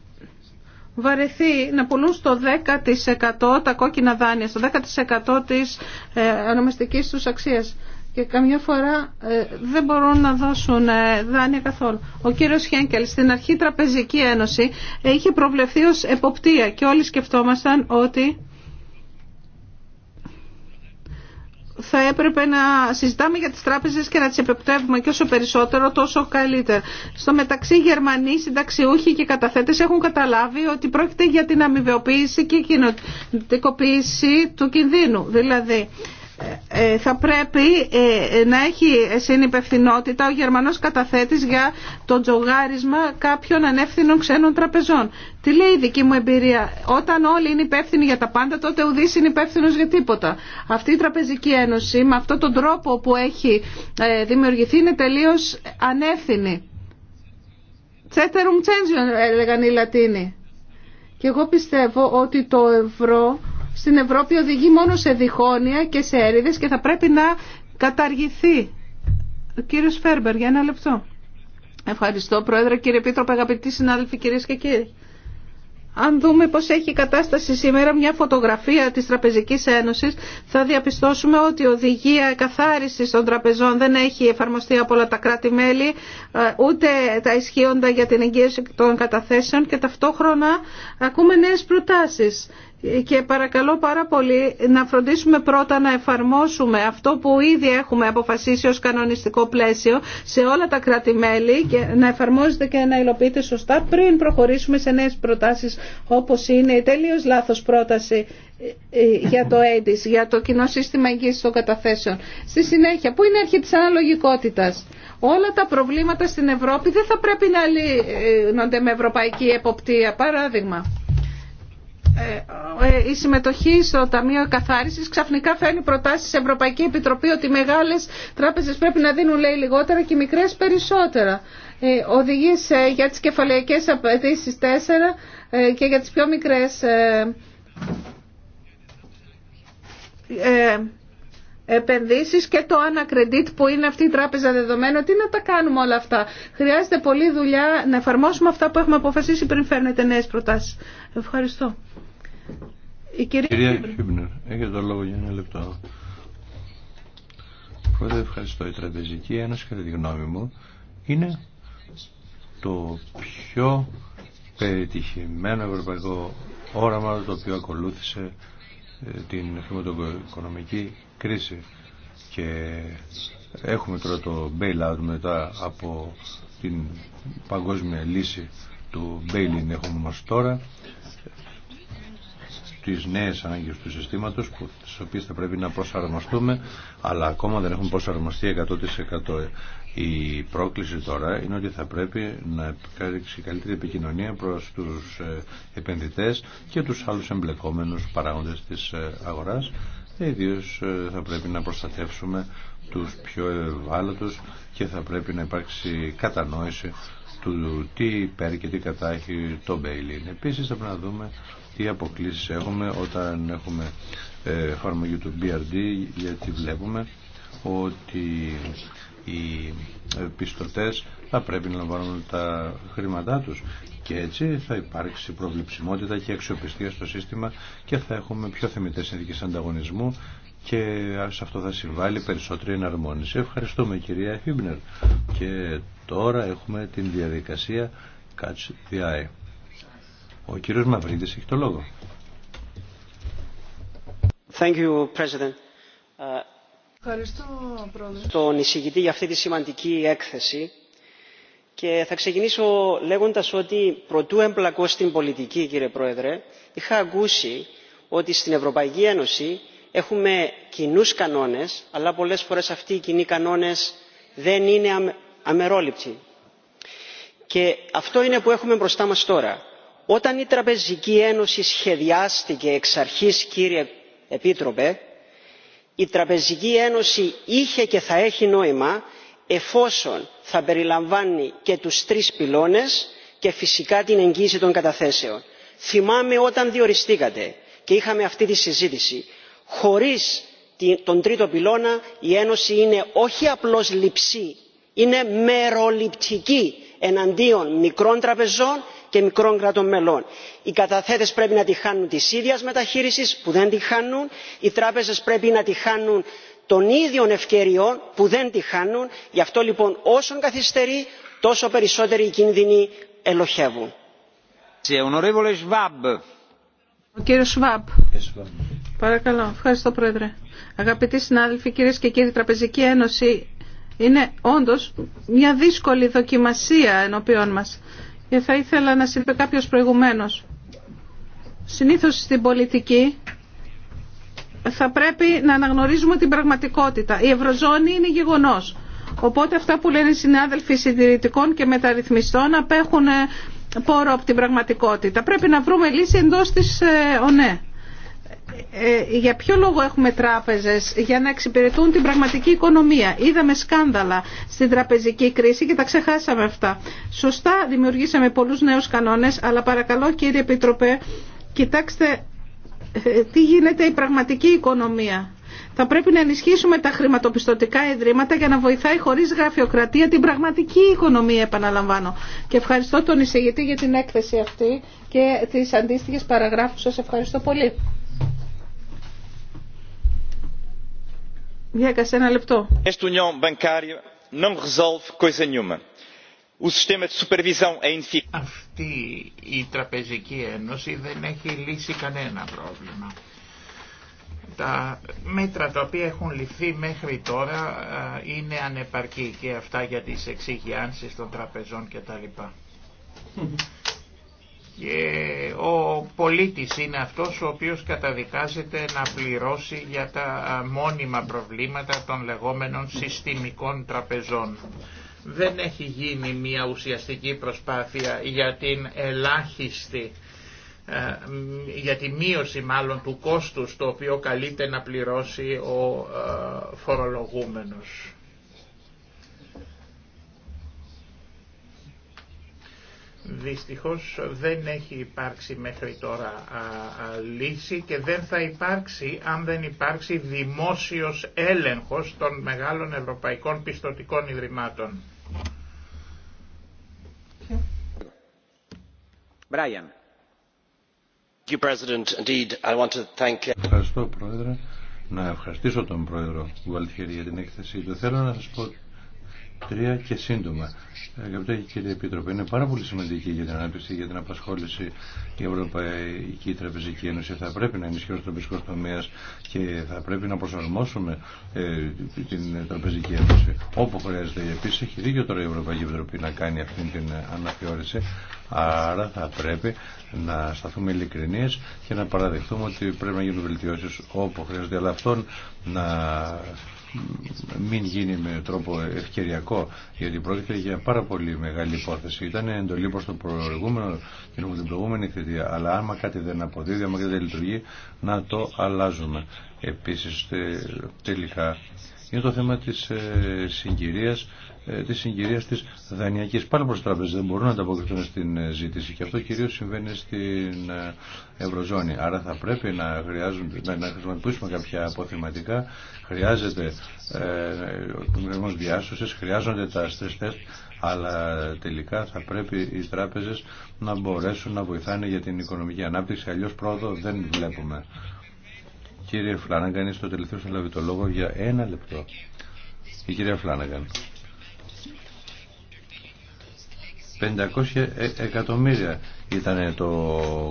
βαρεθεί να πουλούν στο 10% τα κόκκινα δάνεια, στο 10% της ε, ανομιστικής τους αξίας και καμιά φορά ε, δεν μπορούν να δώσουν ε, δάνεια καθόλου. Ο κύριος Χένκελ στην αρχή Τραπεζική Ένωση είχε προβλεφθεί ως εποπτεία και όλοι σκεφτόμασταν ότι θα έπρεπε να συζητάμε για τις τράπεζες και να τις επεπτεύουμε και όσο περισσότερο τόσο καλύτερα. Στο μεταξύ Γερμανοί, συνταξιούχοι και καταθέτες έχουν καταλάβει ότι πρόκειται για την αμοιβεοποίηση και κοινοτικοποίηση του κινδύνου. Δηλαδή ε, ε, θα πρέπει ε, να έχει συνυπευθυνότητα ο Γερμανός καταθέτης για το τζογάρισμα κάποιων ανεύθυνων ξένων τραπεζών. Τι λέει η δική μου εμπειρία. Όταν όλοι είναι υπεύθυνοι για τα πάντα τότε ουδής είναι υπεύθυνο για τίποτα. Αυτή η Τραπεζική Ένωση με αυτόν τον τρόπο που έχει δημιουργηθεί είναι τελείως ανεύθυνη. Τσέτερουμ τσέντζιον έλεγαν οι Λατίνοι. Και εγώ πιστεύω ότι το ευρώ στην Ευρώπη οδηγεί μόνο σε διχόνοια και σε έρηδες και θα πρέπει να καταργηθεί. Ο κύριος Φέρμπερ, για ένα λεπτό. Ευχαριστώ, Πρόεδρε, κύριε Επίτροπε, αγαπητοί συνάδελφοι, κυρίες και κύριοι. Αν δούμε πώς έχει η κατάσταση σήμερα μια φωτογραφία της Τραπεζικής Ένωσης θα διαπιστώσουμε ότι η οδηγία καθάρισης των τραπεζών δεν έχει εφαρμοστεί από όλα τα κράτη-μέλη ε, ούτε τα ισχύοντα για την εγγύηση των καταθέσεων και ταυτόχρονα ακούμε νέες προτάσεις και παρακαλώ πάρα πολύ να φροντίσουμε πρώτα να εφαρμόσουμε αυτό που ήδη έχουμε αποφασίσει ως κανονιστικό πλαίσιο σε όλα τα κράτη-μέλη και να εφαρμόζεται και να υλοποιείται σωστά πριν προχωρήσουμε σε νέες προτάσεις όπως είναι η τελείως λάθος πρόταση ε, ε, για το ΕΔΙΣ, για το κοινό σύστημα εγγύησης των καταθέσεων. Στη συνέχεια, πού είναι η αρχή της αναλογικότητας. Όλα τα προβλήματα στην Ευρώπη δεν θα πρέπει να λύνονται με ευρωπαϊκή εποπτεία. Παράδειγμα ε, ε, η συμμετοχή στο Ταμείο Καθάρισης ξαφνικά φέρνει προτάσεις σε Ευρωπαϊκή Επιτροπή ότι οι μεγάλες τράπεζες πρέπει να δίνουν λέει λιγότερα και οι μικρές περισσότερα. Ε, οδηγείς για τις κεφαλαϊκές απαιτήσει 4 και για τις πιο μικρές επενδύσεις και το Anacredit που είναι αυτή η τράπεζα δεδομένου. Τι να τα κάνουμε όλα αυτά. Χρειάζεται πολλή δουλειά να εφαρμόσουμε αυτά που έχουμε αποφασίσει πριν φέρνετε νέες προτάσεις. Ευχαριστώ. Η κυρία, κυρία Χίμπνερ, έχετε το λόγο για ένα λεπτό. Πρώτα ευχαριστώ η Τραπεζική ένας κατά τη γνώμη μου είναι το πιο πετυχημένο ευρωπαϊκό όραμα το οποίο ακολούθησε ε, την χρηματοοικονομική κρίση και έχουμε τώρα το bailout μετά από την παγκόσμια λύση του bail-in έχουμε μας τώρα τις νέες ανάγκες του συστήματος που, τις οποίες θα πρέπει να προσαρμοστούμε αλλά ακόμα δεν έχουν προσαρμοστεί 100% η πρόκληση τώρα είναι ότι θα πρέπει να υπάρξει καλύτερη επικοινωνία προς τους ε, επενδυτές και τους άλλους εμπλεκόμενους παράγοντες της ε, αγοράς και ε, ιδίως ε, θα πρέπει να προστατεύσουμε τους πιο ευάλωτους και θα πρέπει να υπάρξει κατανόηση του τι υπέρ και τι κατάχει το Μπέιλιν. Επίσης θα πρέπει να δούμε τι αποκλήσεις έχουμε όταν έχουμε ε, εφαρμογή του BRD γιατί βλέπουμε ότι οι πιστωτές θα πρέπει να λαμβάνουν τα χρήματά τους και έτσι θα υπάρξει προβληψιμότητα και αξιοπιστία στο σύστημα και θα έχουμε πιο θεμητές συνθήκε ανταγωνισμού και σε αυτό θα συμβάλλει περισσότερη εναρμόνιση. Ευχαριστούμε κυρία Χίμπνερ. Και τώρα έχουμε την διαδικασία Catch the Eye. Ο κύριος Μαυρίδης έχει το λόγο. Ευχαριστώ, Πρόεδρε. Στον εισηγητή για αυτή τη σημαντική έκθεση και θα ξεκινήσω λέγοντας ότι προτού εμπλακώ στην πολιτική κύριε πρόεδρε είχα ακούσει ότι στην ευρωπαϊκή ένωση έχουμε κοινού κανόνες αλλά πολλές φορές αυτοί οι κοινοί κανόνες δεν είναι αμερόληπτοι. και αυτό είναι που έχουμε μπροστά μας τώρα. όταν η τραπεζική ένωση σχεδιάστηκε εξ αρχής κύριε επίτροπε η τραπεζική ένωση είχε και θα έχει νόημα εφόσον θα περιλαμβάνει και τους τρεις πυλώνες και φυσικά την εγγύηση των καταθέσεων. θυμάμαι όταν διοριστήκατε και είχαμε αυτή τη συζήτηση χωρίς τον τρίτο πυλώνα η ένωση είναι όχι απλώς λειψή είναι μεροληπτική εναντίον μικρών τραπεζών και μικρών κρατών μελών. οι καταθέτες πρέπει να τη χάνουν τη ίδια μεταχείρισης που δεν τη χάνουν οι τράπεζε πρέπει να τη χάνουν των ίδιων ευκαιριών που δεν τη χάνουν γι' αυτό λοιπόν όσο καθυστερεί τόσο περισσότεροι οι κίνδυνοι ελοχεύουν. Ο κύριος Σβάμπ. Παρακαλώ. Ευχαριστώ Πρόεδρε. Αγαπητοί συνάδελφοι, κυρίες και κύριοι, η Τραπεζική Ένωση είναι όντως μια δύσκολη δοκιμασία ενώπιόν μας. Και θα ήθελα να σας κάποιος προηγουμένως. Συνήθως στην πολιτική θα πρέπει να αναγνωρίζουμε την πραγματικότητα. Η Ευρωζώνη είναι γεγονός. Οπότε αυτά που λένε οι συνάδελφοι συντηρητικών και μεταρρυθμιστών απέχουν ε, πόρο από την πραγματικότητα. Πρέπει να βρούμε λύση εντός της ε, ΟΝΕ. Ε, για ποιο λόγο έχουμε τράπεζες για να εξυπηρετούν την πραγματική οικονομία. Είδαμε σκάνδαλα στην τραπεζική κρίση και τα ξεχάσαμε αυτά. Σωστά δημιουργήσαμε πολλούς νέους κανόνες, αλλά παρακαλώ κύριε Επίτροπε, κοιτάξτε τι γίνεται η πραγματική οικονομία. Θα πρέπει να ενισχύσουμε τα χρηματοπιστωτικά ιδρύματα για να βοηθάει χωρί γραφειοκρατία την πραγματική οικονομία, επαναλαμβάνω. Και ευχαριστώ τον εισηγητή για την έκθεση αυτή και τι αντίστοιχε παραγράφου. Σα Ευχαριστώ πολύ. Διάκασε ένα λεπτό. Αυτή αυτή η Τραπεζική Ένωση δεν έχει λύσει κανένα πρόβλημα. Τα μέτρα τα οποία έχουν ληφθεί μέχρι τώρα είναι ανεπαρκή και αυτά για τις εξηγιάνσεις των τραπεζών κτλ. Και ο πολίτης είναι αυτός ο οποίος καταδικάζεται να πληρώσει για τα μόνιμα προβλήματα των λεγόμενων συστημικών τραπεζών δεν έχει γίνει μια ουσιαστική προσπάθεια για την ελάχιστη ε, για τη μείωση μάλλον του κόστους το οποίο καλείται να πληρώσει ο ε, φορολογούμενος. Δυστυχώς δεν έχει υπάρξει μέχρι τώρα λύση και δεν θα υπάρξει αν δεν υπάρξει δημόσιος έλεγχος των μεγάλων ευρωπαϊκών πιστοτικών ιδρυμάτων. Brian. Θέλω να πω τρία και σύντομα. Αγαπητέ κύριε Επίτροπε, είναι πάρα πολύ σημαντική για την ανάπτυξη, για την απασχόληση η Ευρωπαϊκή Τραπεζική Ένωση. Θα πρέπει να ενισχύσουμε τον τραπεζικό τομέα και θα πρέπει να προσαρμόσουμε ε, την Τραπεζική Ένωση όπου χρειάζεται. Επίση, έχει δίκιο τώρα η Ευρωπαϊκή Επιτροπή να κάνει αυτή την αναθεώρηση. Άρα θα πρέπει να σταθούμε ειλικρινεί και να παραδεχτούμε ότι πρέπει να γίνουν βελτιώσει όπου χρειάζεται. Αλλά να μην γίνει με τρόπο ευκαιριακό, γιατί πρόκειται για πάρα πολύ μεγάλη υπόθεση. Ήταν εντολή προ το προηγούμενο και την προηγούμενη θητεία. Αλλά άμα κάτι δεν αποδίδει, άμα κάτι δεν λειτουργεί, να το αλλάζουμε. Επίση, τελικά είναι το θέμα τη ε, συγκυρία ε, τη συγκυρία τη δανειακή Πάρα προ τράπεζε δεν μπορούν να ανταποκριθούν στην ε, ζήτηση και αυτό κυρίω συμβαίνει στην ε, Ευρωζώνη. Άρα θα πρέπει να, να χρησιμοποιήσουμε κάποια αποθεματικά. Χρειάζεται ο ε, διάσωση, χρειάζονται τα stress test, αλλά τελικά θα πρέπει οι τράπεζε να μπορέσουν να βοηθάνε για την οικονομική ανάπτυξη, Αλλιώ πρόοδο δεν βλέπουμε. Κύριε Φλάνναγκαν, είστε το τελευταίο να λάβει το λόγο για ένα λεπτό. Η κυρία Φλάνναγκαν. 500 ε, εκατομμύρια ήταν το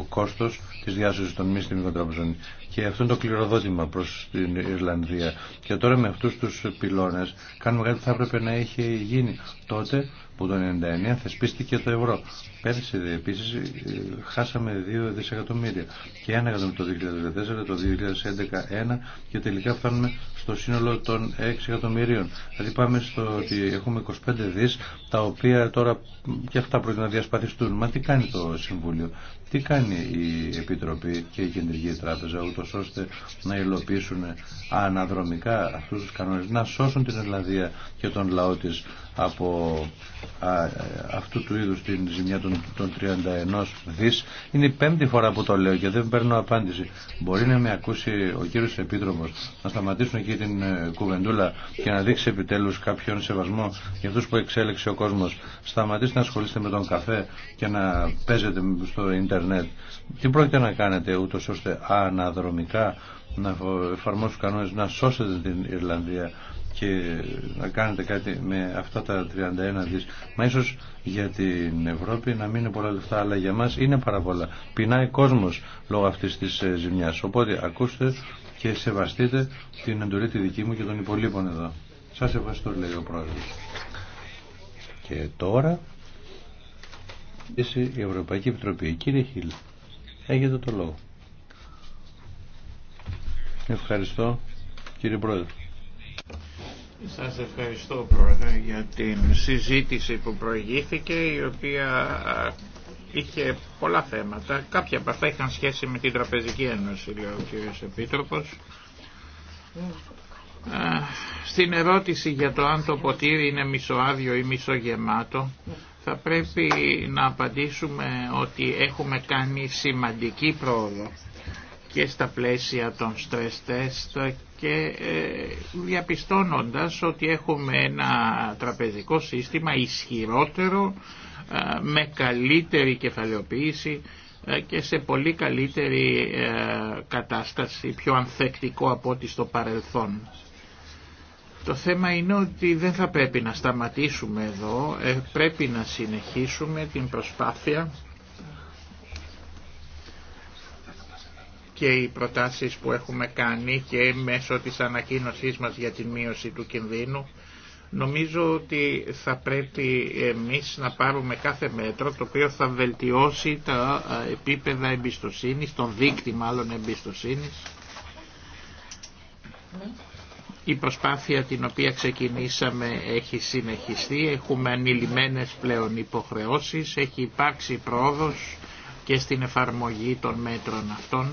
κόστος της διάσωσης των μη στιγμικών τραπεζών και αυτό είναι το κληροδότημα προς την Ιρλανδία και τώρα με αυτούς τους πυλώνες κάνουμε κάτι που θα έπρεπε να είχε γίνει τότε που το 1999 θεσπίστηκε το ευρώ Πέρσι επίση ε, χάσαμε 2 δισεκατομμύρια και 1 εκατομμύριο το 2014, το 2011 και τελικά φτάνουμε στο σύνολο των 6 εκατομμυρίων. Δηλαδή πάμε στο ότι έχουμε 25 δι τα οποία τώρα και αυτά πρέπει να διασπαθιστούν. Μα τι κάνει το Συμβούλιο, τι κάνει η Επιτροπή και η Κεντρική Τράπεζα ούτω ώστε να υλοποιήσουν αναδρομικά αυτού του κανόνε, να σώσουν την Ελλαδία και τον λαό τη από ε, αυτού του είδου την ζημιά των των 31 δις είναι η πέμπτη φορά που το λέω και δεν παίρνω απάντηση. Μπορεί να με ακούσει ο κύριος Επίτροπος να σταματήσουν εκεί την ε, κουβεντούλα και να δείξει επιτέλους κάποιον σεβασμό για αυτούς που εξέλεξε ο κόσμος. Σταματήστε να ασχολείστε με τον καφέ και να παίζετε στο ίντερνετ. Τι πρόκειται να κάνετε ούτω ώστε αναδρομικά να εφαρμόσουν κανόνες να σώσετε την Ιρλανδία και να κάνετε κάτι με αυτά τα 31 δις. Μα ίσως για την Ευρώπη να μην είναι πολλά λεφτά, αλλά για μας είναι πάρα πολλά. Πεινάει κόσμος λόγω αυτής της ε, ζημιάς. Οπότε ακούστε και σεβαστείτε την εντολή τη δική μου και των υπολείπων εδώ. Σας ευχαριστώ λέει ο πρόεδρος. Και τώρα η Ευρωπαϊκή Επιτροπή. Κύριε Χίλ, έχετε το λόγο. Ευχαριστώ κύριε Πρόεδρε. Σας ευχαριστώ Πρόεδρε για την συζήτηση που προηγήθηκε η οποία είχε πολλά θέματα. Κάποια από αυτά είχαν σχέση με την Τραπεζική Ένωση, λέει ο κ. Επίτροπος. Στην ερώτηση για το αν το ποτήρι είναι μισοάδιο ή μισογεμάτο, θα πρέπει να απαντήσουμε ότι έχουμε κάνει σημαντική πρόοδο και στα πλαίσια των stress test και ε, διαπιστώνοντας ότι έχουμε ένα τραπεζικό σύστημα ισχυρότερο ε, με καλύτερη κεφαλαιοποίηση ε, και σε πολύ καλύτερη κατάσταση, πιο ανθεκτικό από ό,τι στο παρελθόν. Το θέμα είναι ότι δεν θα πρέπει να σταματήσουμε εδώ, πρέπει να συνεχίσουμε την προσπάθεια και οι προτάσεις που έχουμε κάνει και μέσω της ανακοίνωσής μας για την μείωση του κινδύνου. Νομίζω ότι θα πρέπει εμείς να πάρουμε κάθε μέτρο το οποίο θα βελτιώσει τα ε, επίπεδα εμπιστοσύνης, τον δίκτυ μάλλον εμπιστοσύνης. Η προσπάθεια την οποία ξεκινήσαμε έχει συνεχιστεί, έχουμε ανηλυμένες πλέον υποχρεώσεις, έχει υπάρξει πρόοδος και στην εφαρμογή των μέτρων αυτών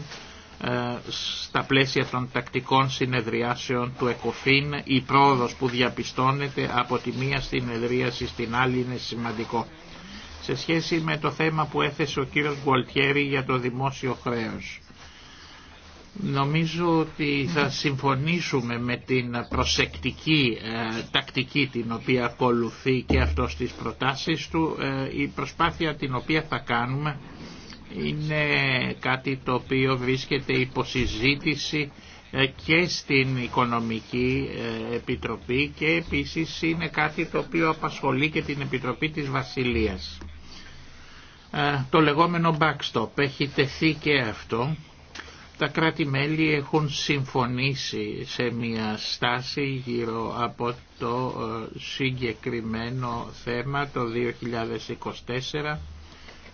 ε, στα πλαίσια των τακτικών συνεδριάσεων του ΕΚΟΦΗΝ η πρόοδος που διαπιστώνεται από τη μία συνεδρίαση στην άλλη είναι σημαντικό. Σε σχέση με το θέμα που έθεσε ο κύριος Γκουαλτιέρη για το δημόσιο χρέος. Νομίζω ότι θα συμφωνήσουμε με την προσεκτική ε, τακτική την οποία ακολουθεί και αυτό στις προτάσεις του. Ε, η προσπάθεια την οποία θα κάνουμε είναι κάτι το οποίο βρίσκεται υποσυζήτηση ε, και στην Οικονομική ε, Επιτροπή και επίσης είναι κάτι το οποίο απασχολεί και την Επιτροπή της Βασιλείας. Ε, το λεγόμενο backstop έχει τεθεί και αυτό. Τα κράτη-μέλη έχουν συμφωνήσει σε μια στάση γύρω από το συγκεκριμένο θέμα το 2024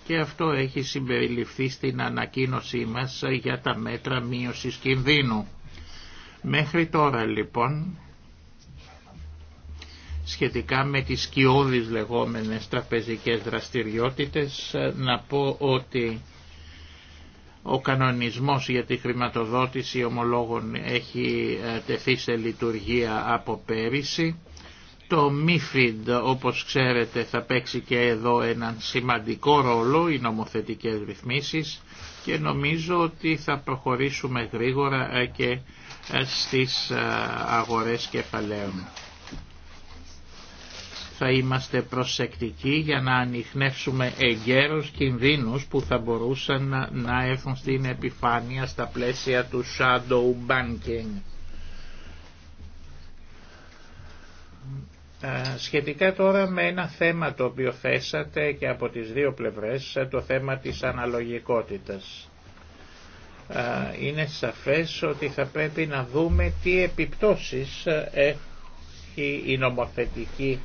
και αυτό έχει συμπεριληφθεί στην ανακοίνωσή μας για τα μέτρα μείωσης κινδύνου. Μέχρι τώρα λοιπόν, σχετικά με τις σκιώδεις λεγόμενες τραπεζικές δραστηριότητες, να πω ότι ο κανονισμός για τη χρηματοδότηση ομολόγων έχει ε, τεθεί σε λειτουργία από πέρυσι το MIFID όπως ξέρετε θα παίξει και εδώ έναν σημαντικό ρόλο οι νομοθετικές ρυθμίσεις και νομίζω ότι θα προχωρήσουμε γρήγορα ε, και ε, στις ε, αγορές κεφαλαίων. Θα είμαστε προσεκτικοί για να ανοιχνεύσουμε εγκαίρως κινδύνους που θα μπορούσαν να έρθουν στην επιφάνεια στα πλαίσια του shadow banking. Σχετικά τώρα με ένα θέμα το οποίο θέσατε και από τις δύο πλευρές, το θέμα της αναλογικότητας. Είναι σαφές ότι θα πρέπει να δούμε τι επιπτώσεις έχει η νομοθετική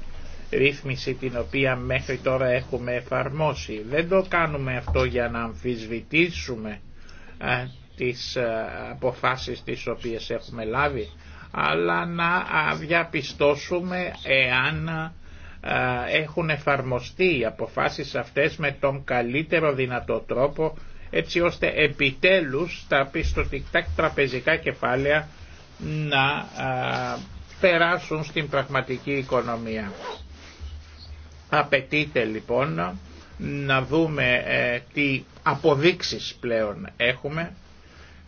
ρύθμιση την οποία μέχρι τώρα έχουμε εφαρμόσει. Δεν το κάνουμε αυτό για να αμφισβητήσουμε τις αποφάσεις τις οποίες έχουμε λάβει αλλά να διαπιστώσουμε εάν έχουν εφαρμοστεί οι αποφάσεις αυτές με τον καλύτερο δυνατό τρόπο έτσι ώστε επιτέλους τα πιστοτικά τραπεζικά κεφάλαια να περάσουν στην πραγματική οικονομία. Απαιτείται λοιπόν να δούμε ε, τι αποδείξεις πλέον έχουμε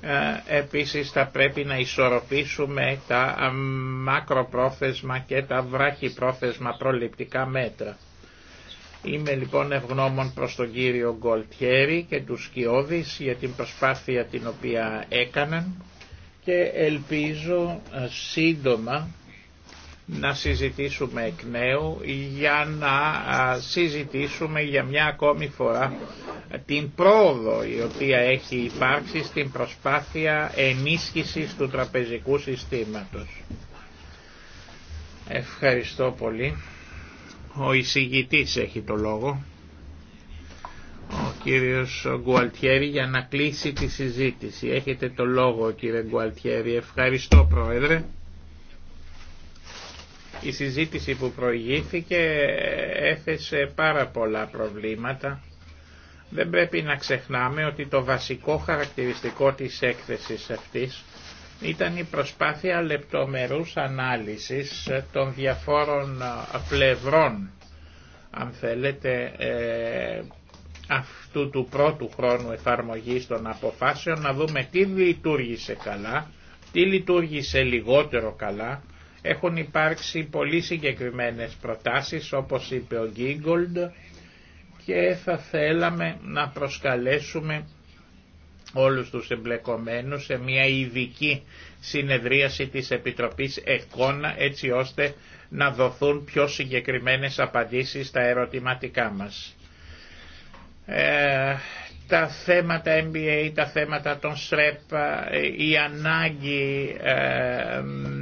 ε, επίσης θα πρέπει να ισορροπήσουμε τα ε, μακροπρόθεσμα και τα βράχυπρόθεσμα προληπτικά μέτρα. Είμαι λοιπόν ευγνώμων προς τον κύριο Γκολτιέρη και τους Σκιώδης για την προσπάθεια την οποία έκαναν και ελπίζω ε, σύντομα να συζητήσουμε εκ νέου για να συζητήσουμε για μια ακόμη φορά την πρόοδο η οποία έχει υπάρξει στην προσπάθεια ενίσχυσης του τραπεζικού συστήματος. Ευχαριστώ πολύ. Ο εισηγητής έχει το λόγο, ο κύριος Γκουαλτιέρη, για να κλείσει τη συζήτηση. Έχετε το λόγο κύριε Γκουαλτιέρη. Ευχαριστώ Πρόεδρε. Η συζήτηση που προηγήθηκε έθεσε πάρα πολλά προβλήματα. Δεν πρέπει να ξεχνάμε ότι το βασικό χαρακτηριστικό της έκθεσης αυτής ήταν η προσπάθεια λεπτομερούς ανάλυσης των διαφόρων ε, πλευρών, αν θέλετε, ε, αυτού του πρώτου χρόνου εφαρμογής των αποφάσεων, να δούμε τι λειτουργήσε καλά, τι λειτουργήσε λιγότερο καλά, έχουν υπάρξει πολύ συγκεκριμένες προτάσεις όπως είπε ο Γκίγκολντ και θα θέλαμε να προσκαλέσουμε όλους τους εμπλεκομένους σε μια ειδική συνεδρίαση της Επιτροπής ΕΚΟΝΑ έτσι ώστε να δοθούν πιο συγκεκριμένες απαντήσεις στα ερωτηματικά μας. Ε, τα θέματα MBA, τα θέματα των ΣΡΕΠ, e η ανάγκη ε,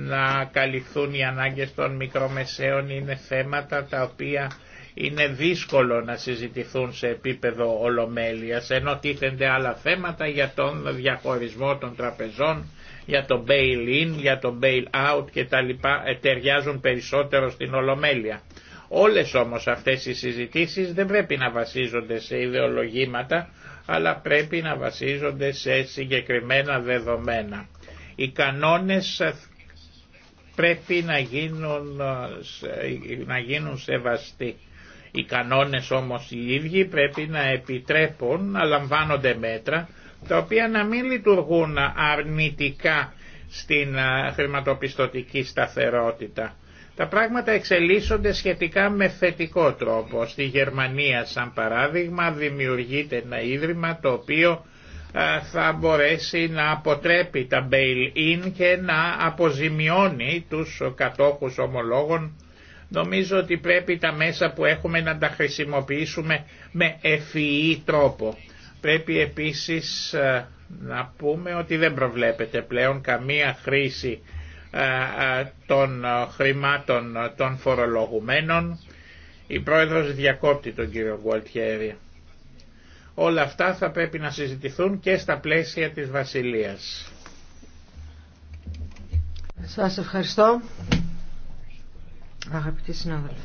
να καλυφθούν οι ανάγκες των μικρομεσαίων είναι θέματα τα οποία είναι δύσκολο να συζητηθούν σε επίπεδο ολομέλειας, ενώ τίθενται άλλα θέματα για τον διαχωρισμό των τραπεζών, για το bail-in, για το bail-out και τα λοιπά, ε, ταιριάζουν περισσότερο στην ολομέλεια. Όλες όμως αυτές οι συζητήσεις δεν πρέπει να βασίζονται σε ιδεολογήματα, αλλά πρέπει να βασίζονται σε συγκεκριμένα δεδομένα. Οι κανόνες πρέπει να γίνουν, να γίνουν σεβαστοί. Οι κανόνες όμως οι ίδιοι πρέπει να επιτρέπουν να λαμβάνονται μέτρα τα οποία να μην λειτουργούν αρνητικά στην ε, χρηματοπιστωτική σταθερότητα. Τα πράγματα εξελίσσονται σχετικά με θετικό τρόπο. Στη Γερμανία σαν παράδειγμα δημιουργείται ένα ίδρυμα το οποίο θα μπορέσει να αποτρέπει τα bail-in και να αποζημιώνει τους κατόχους ομολόγων. Νομίζω ότι πρέπει τα μέσα που έχουμε να τα χρησιμοποιήσουμε με ευφυή τρόπο. Πρέπει επίσης να πούμε ότι δεν προβλέπεται πλέον καμία χρήση ε, ε, των ε, χρημάτων των φορολογουμένων. Η πρόεδρος διακόπτει τον κύριο Γκουαλτιέρη. Όλα αυτά θα πρέπει να συζητηθούν και στα πλαίσια της Βασιλείας. Σας ευχαριστώ. Αγαπητοί συνάδελφοι.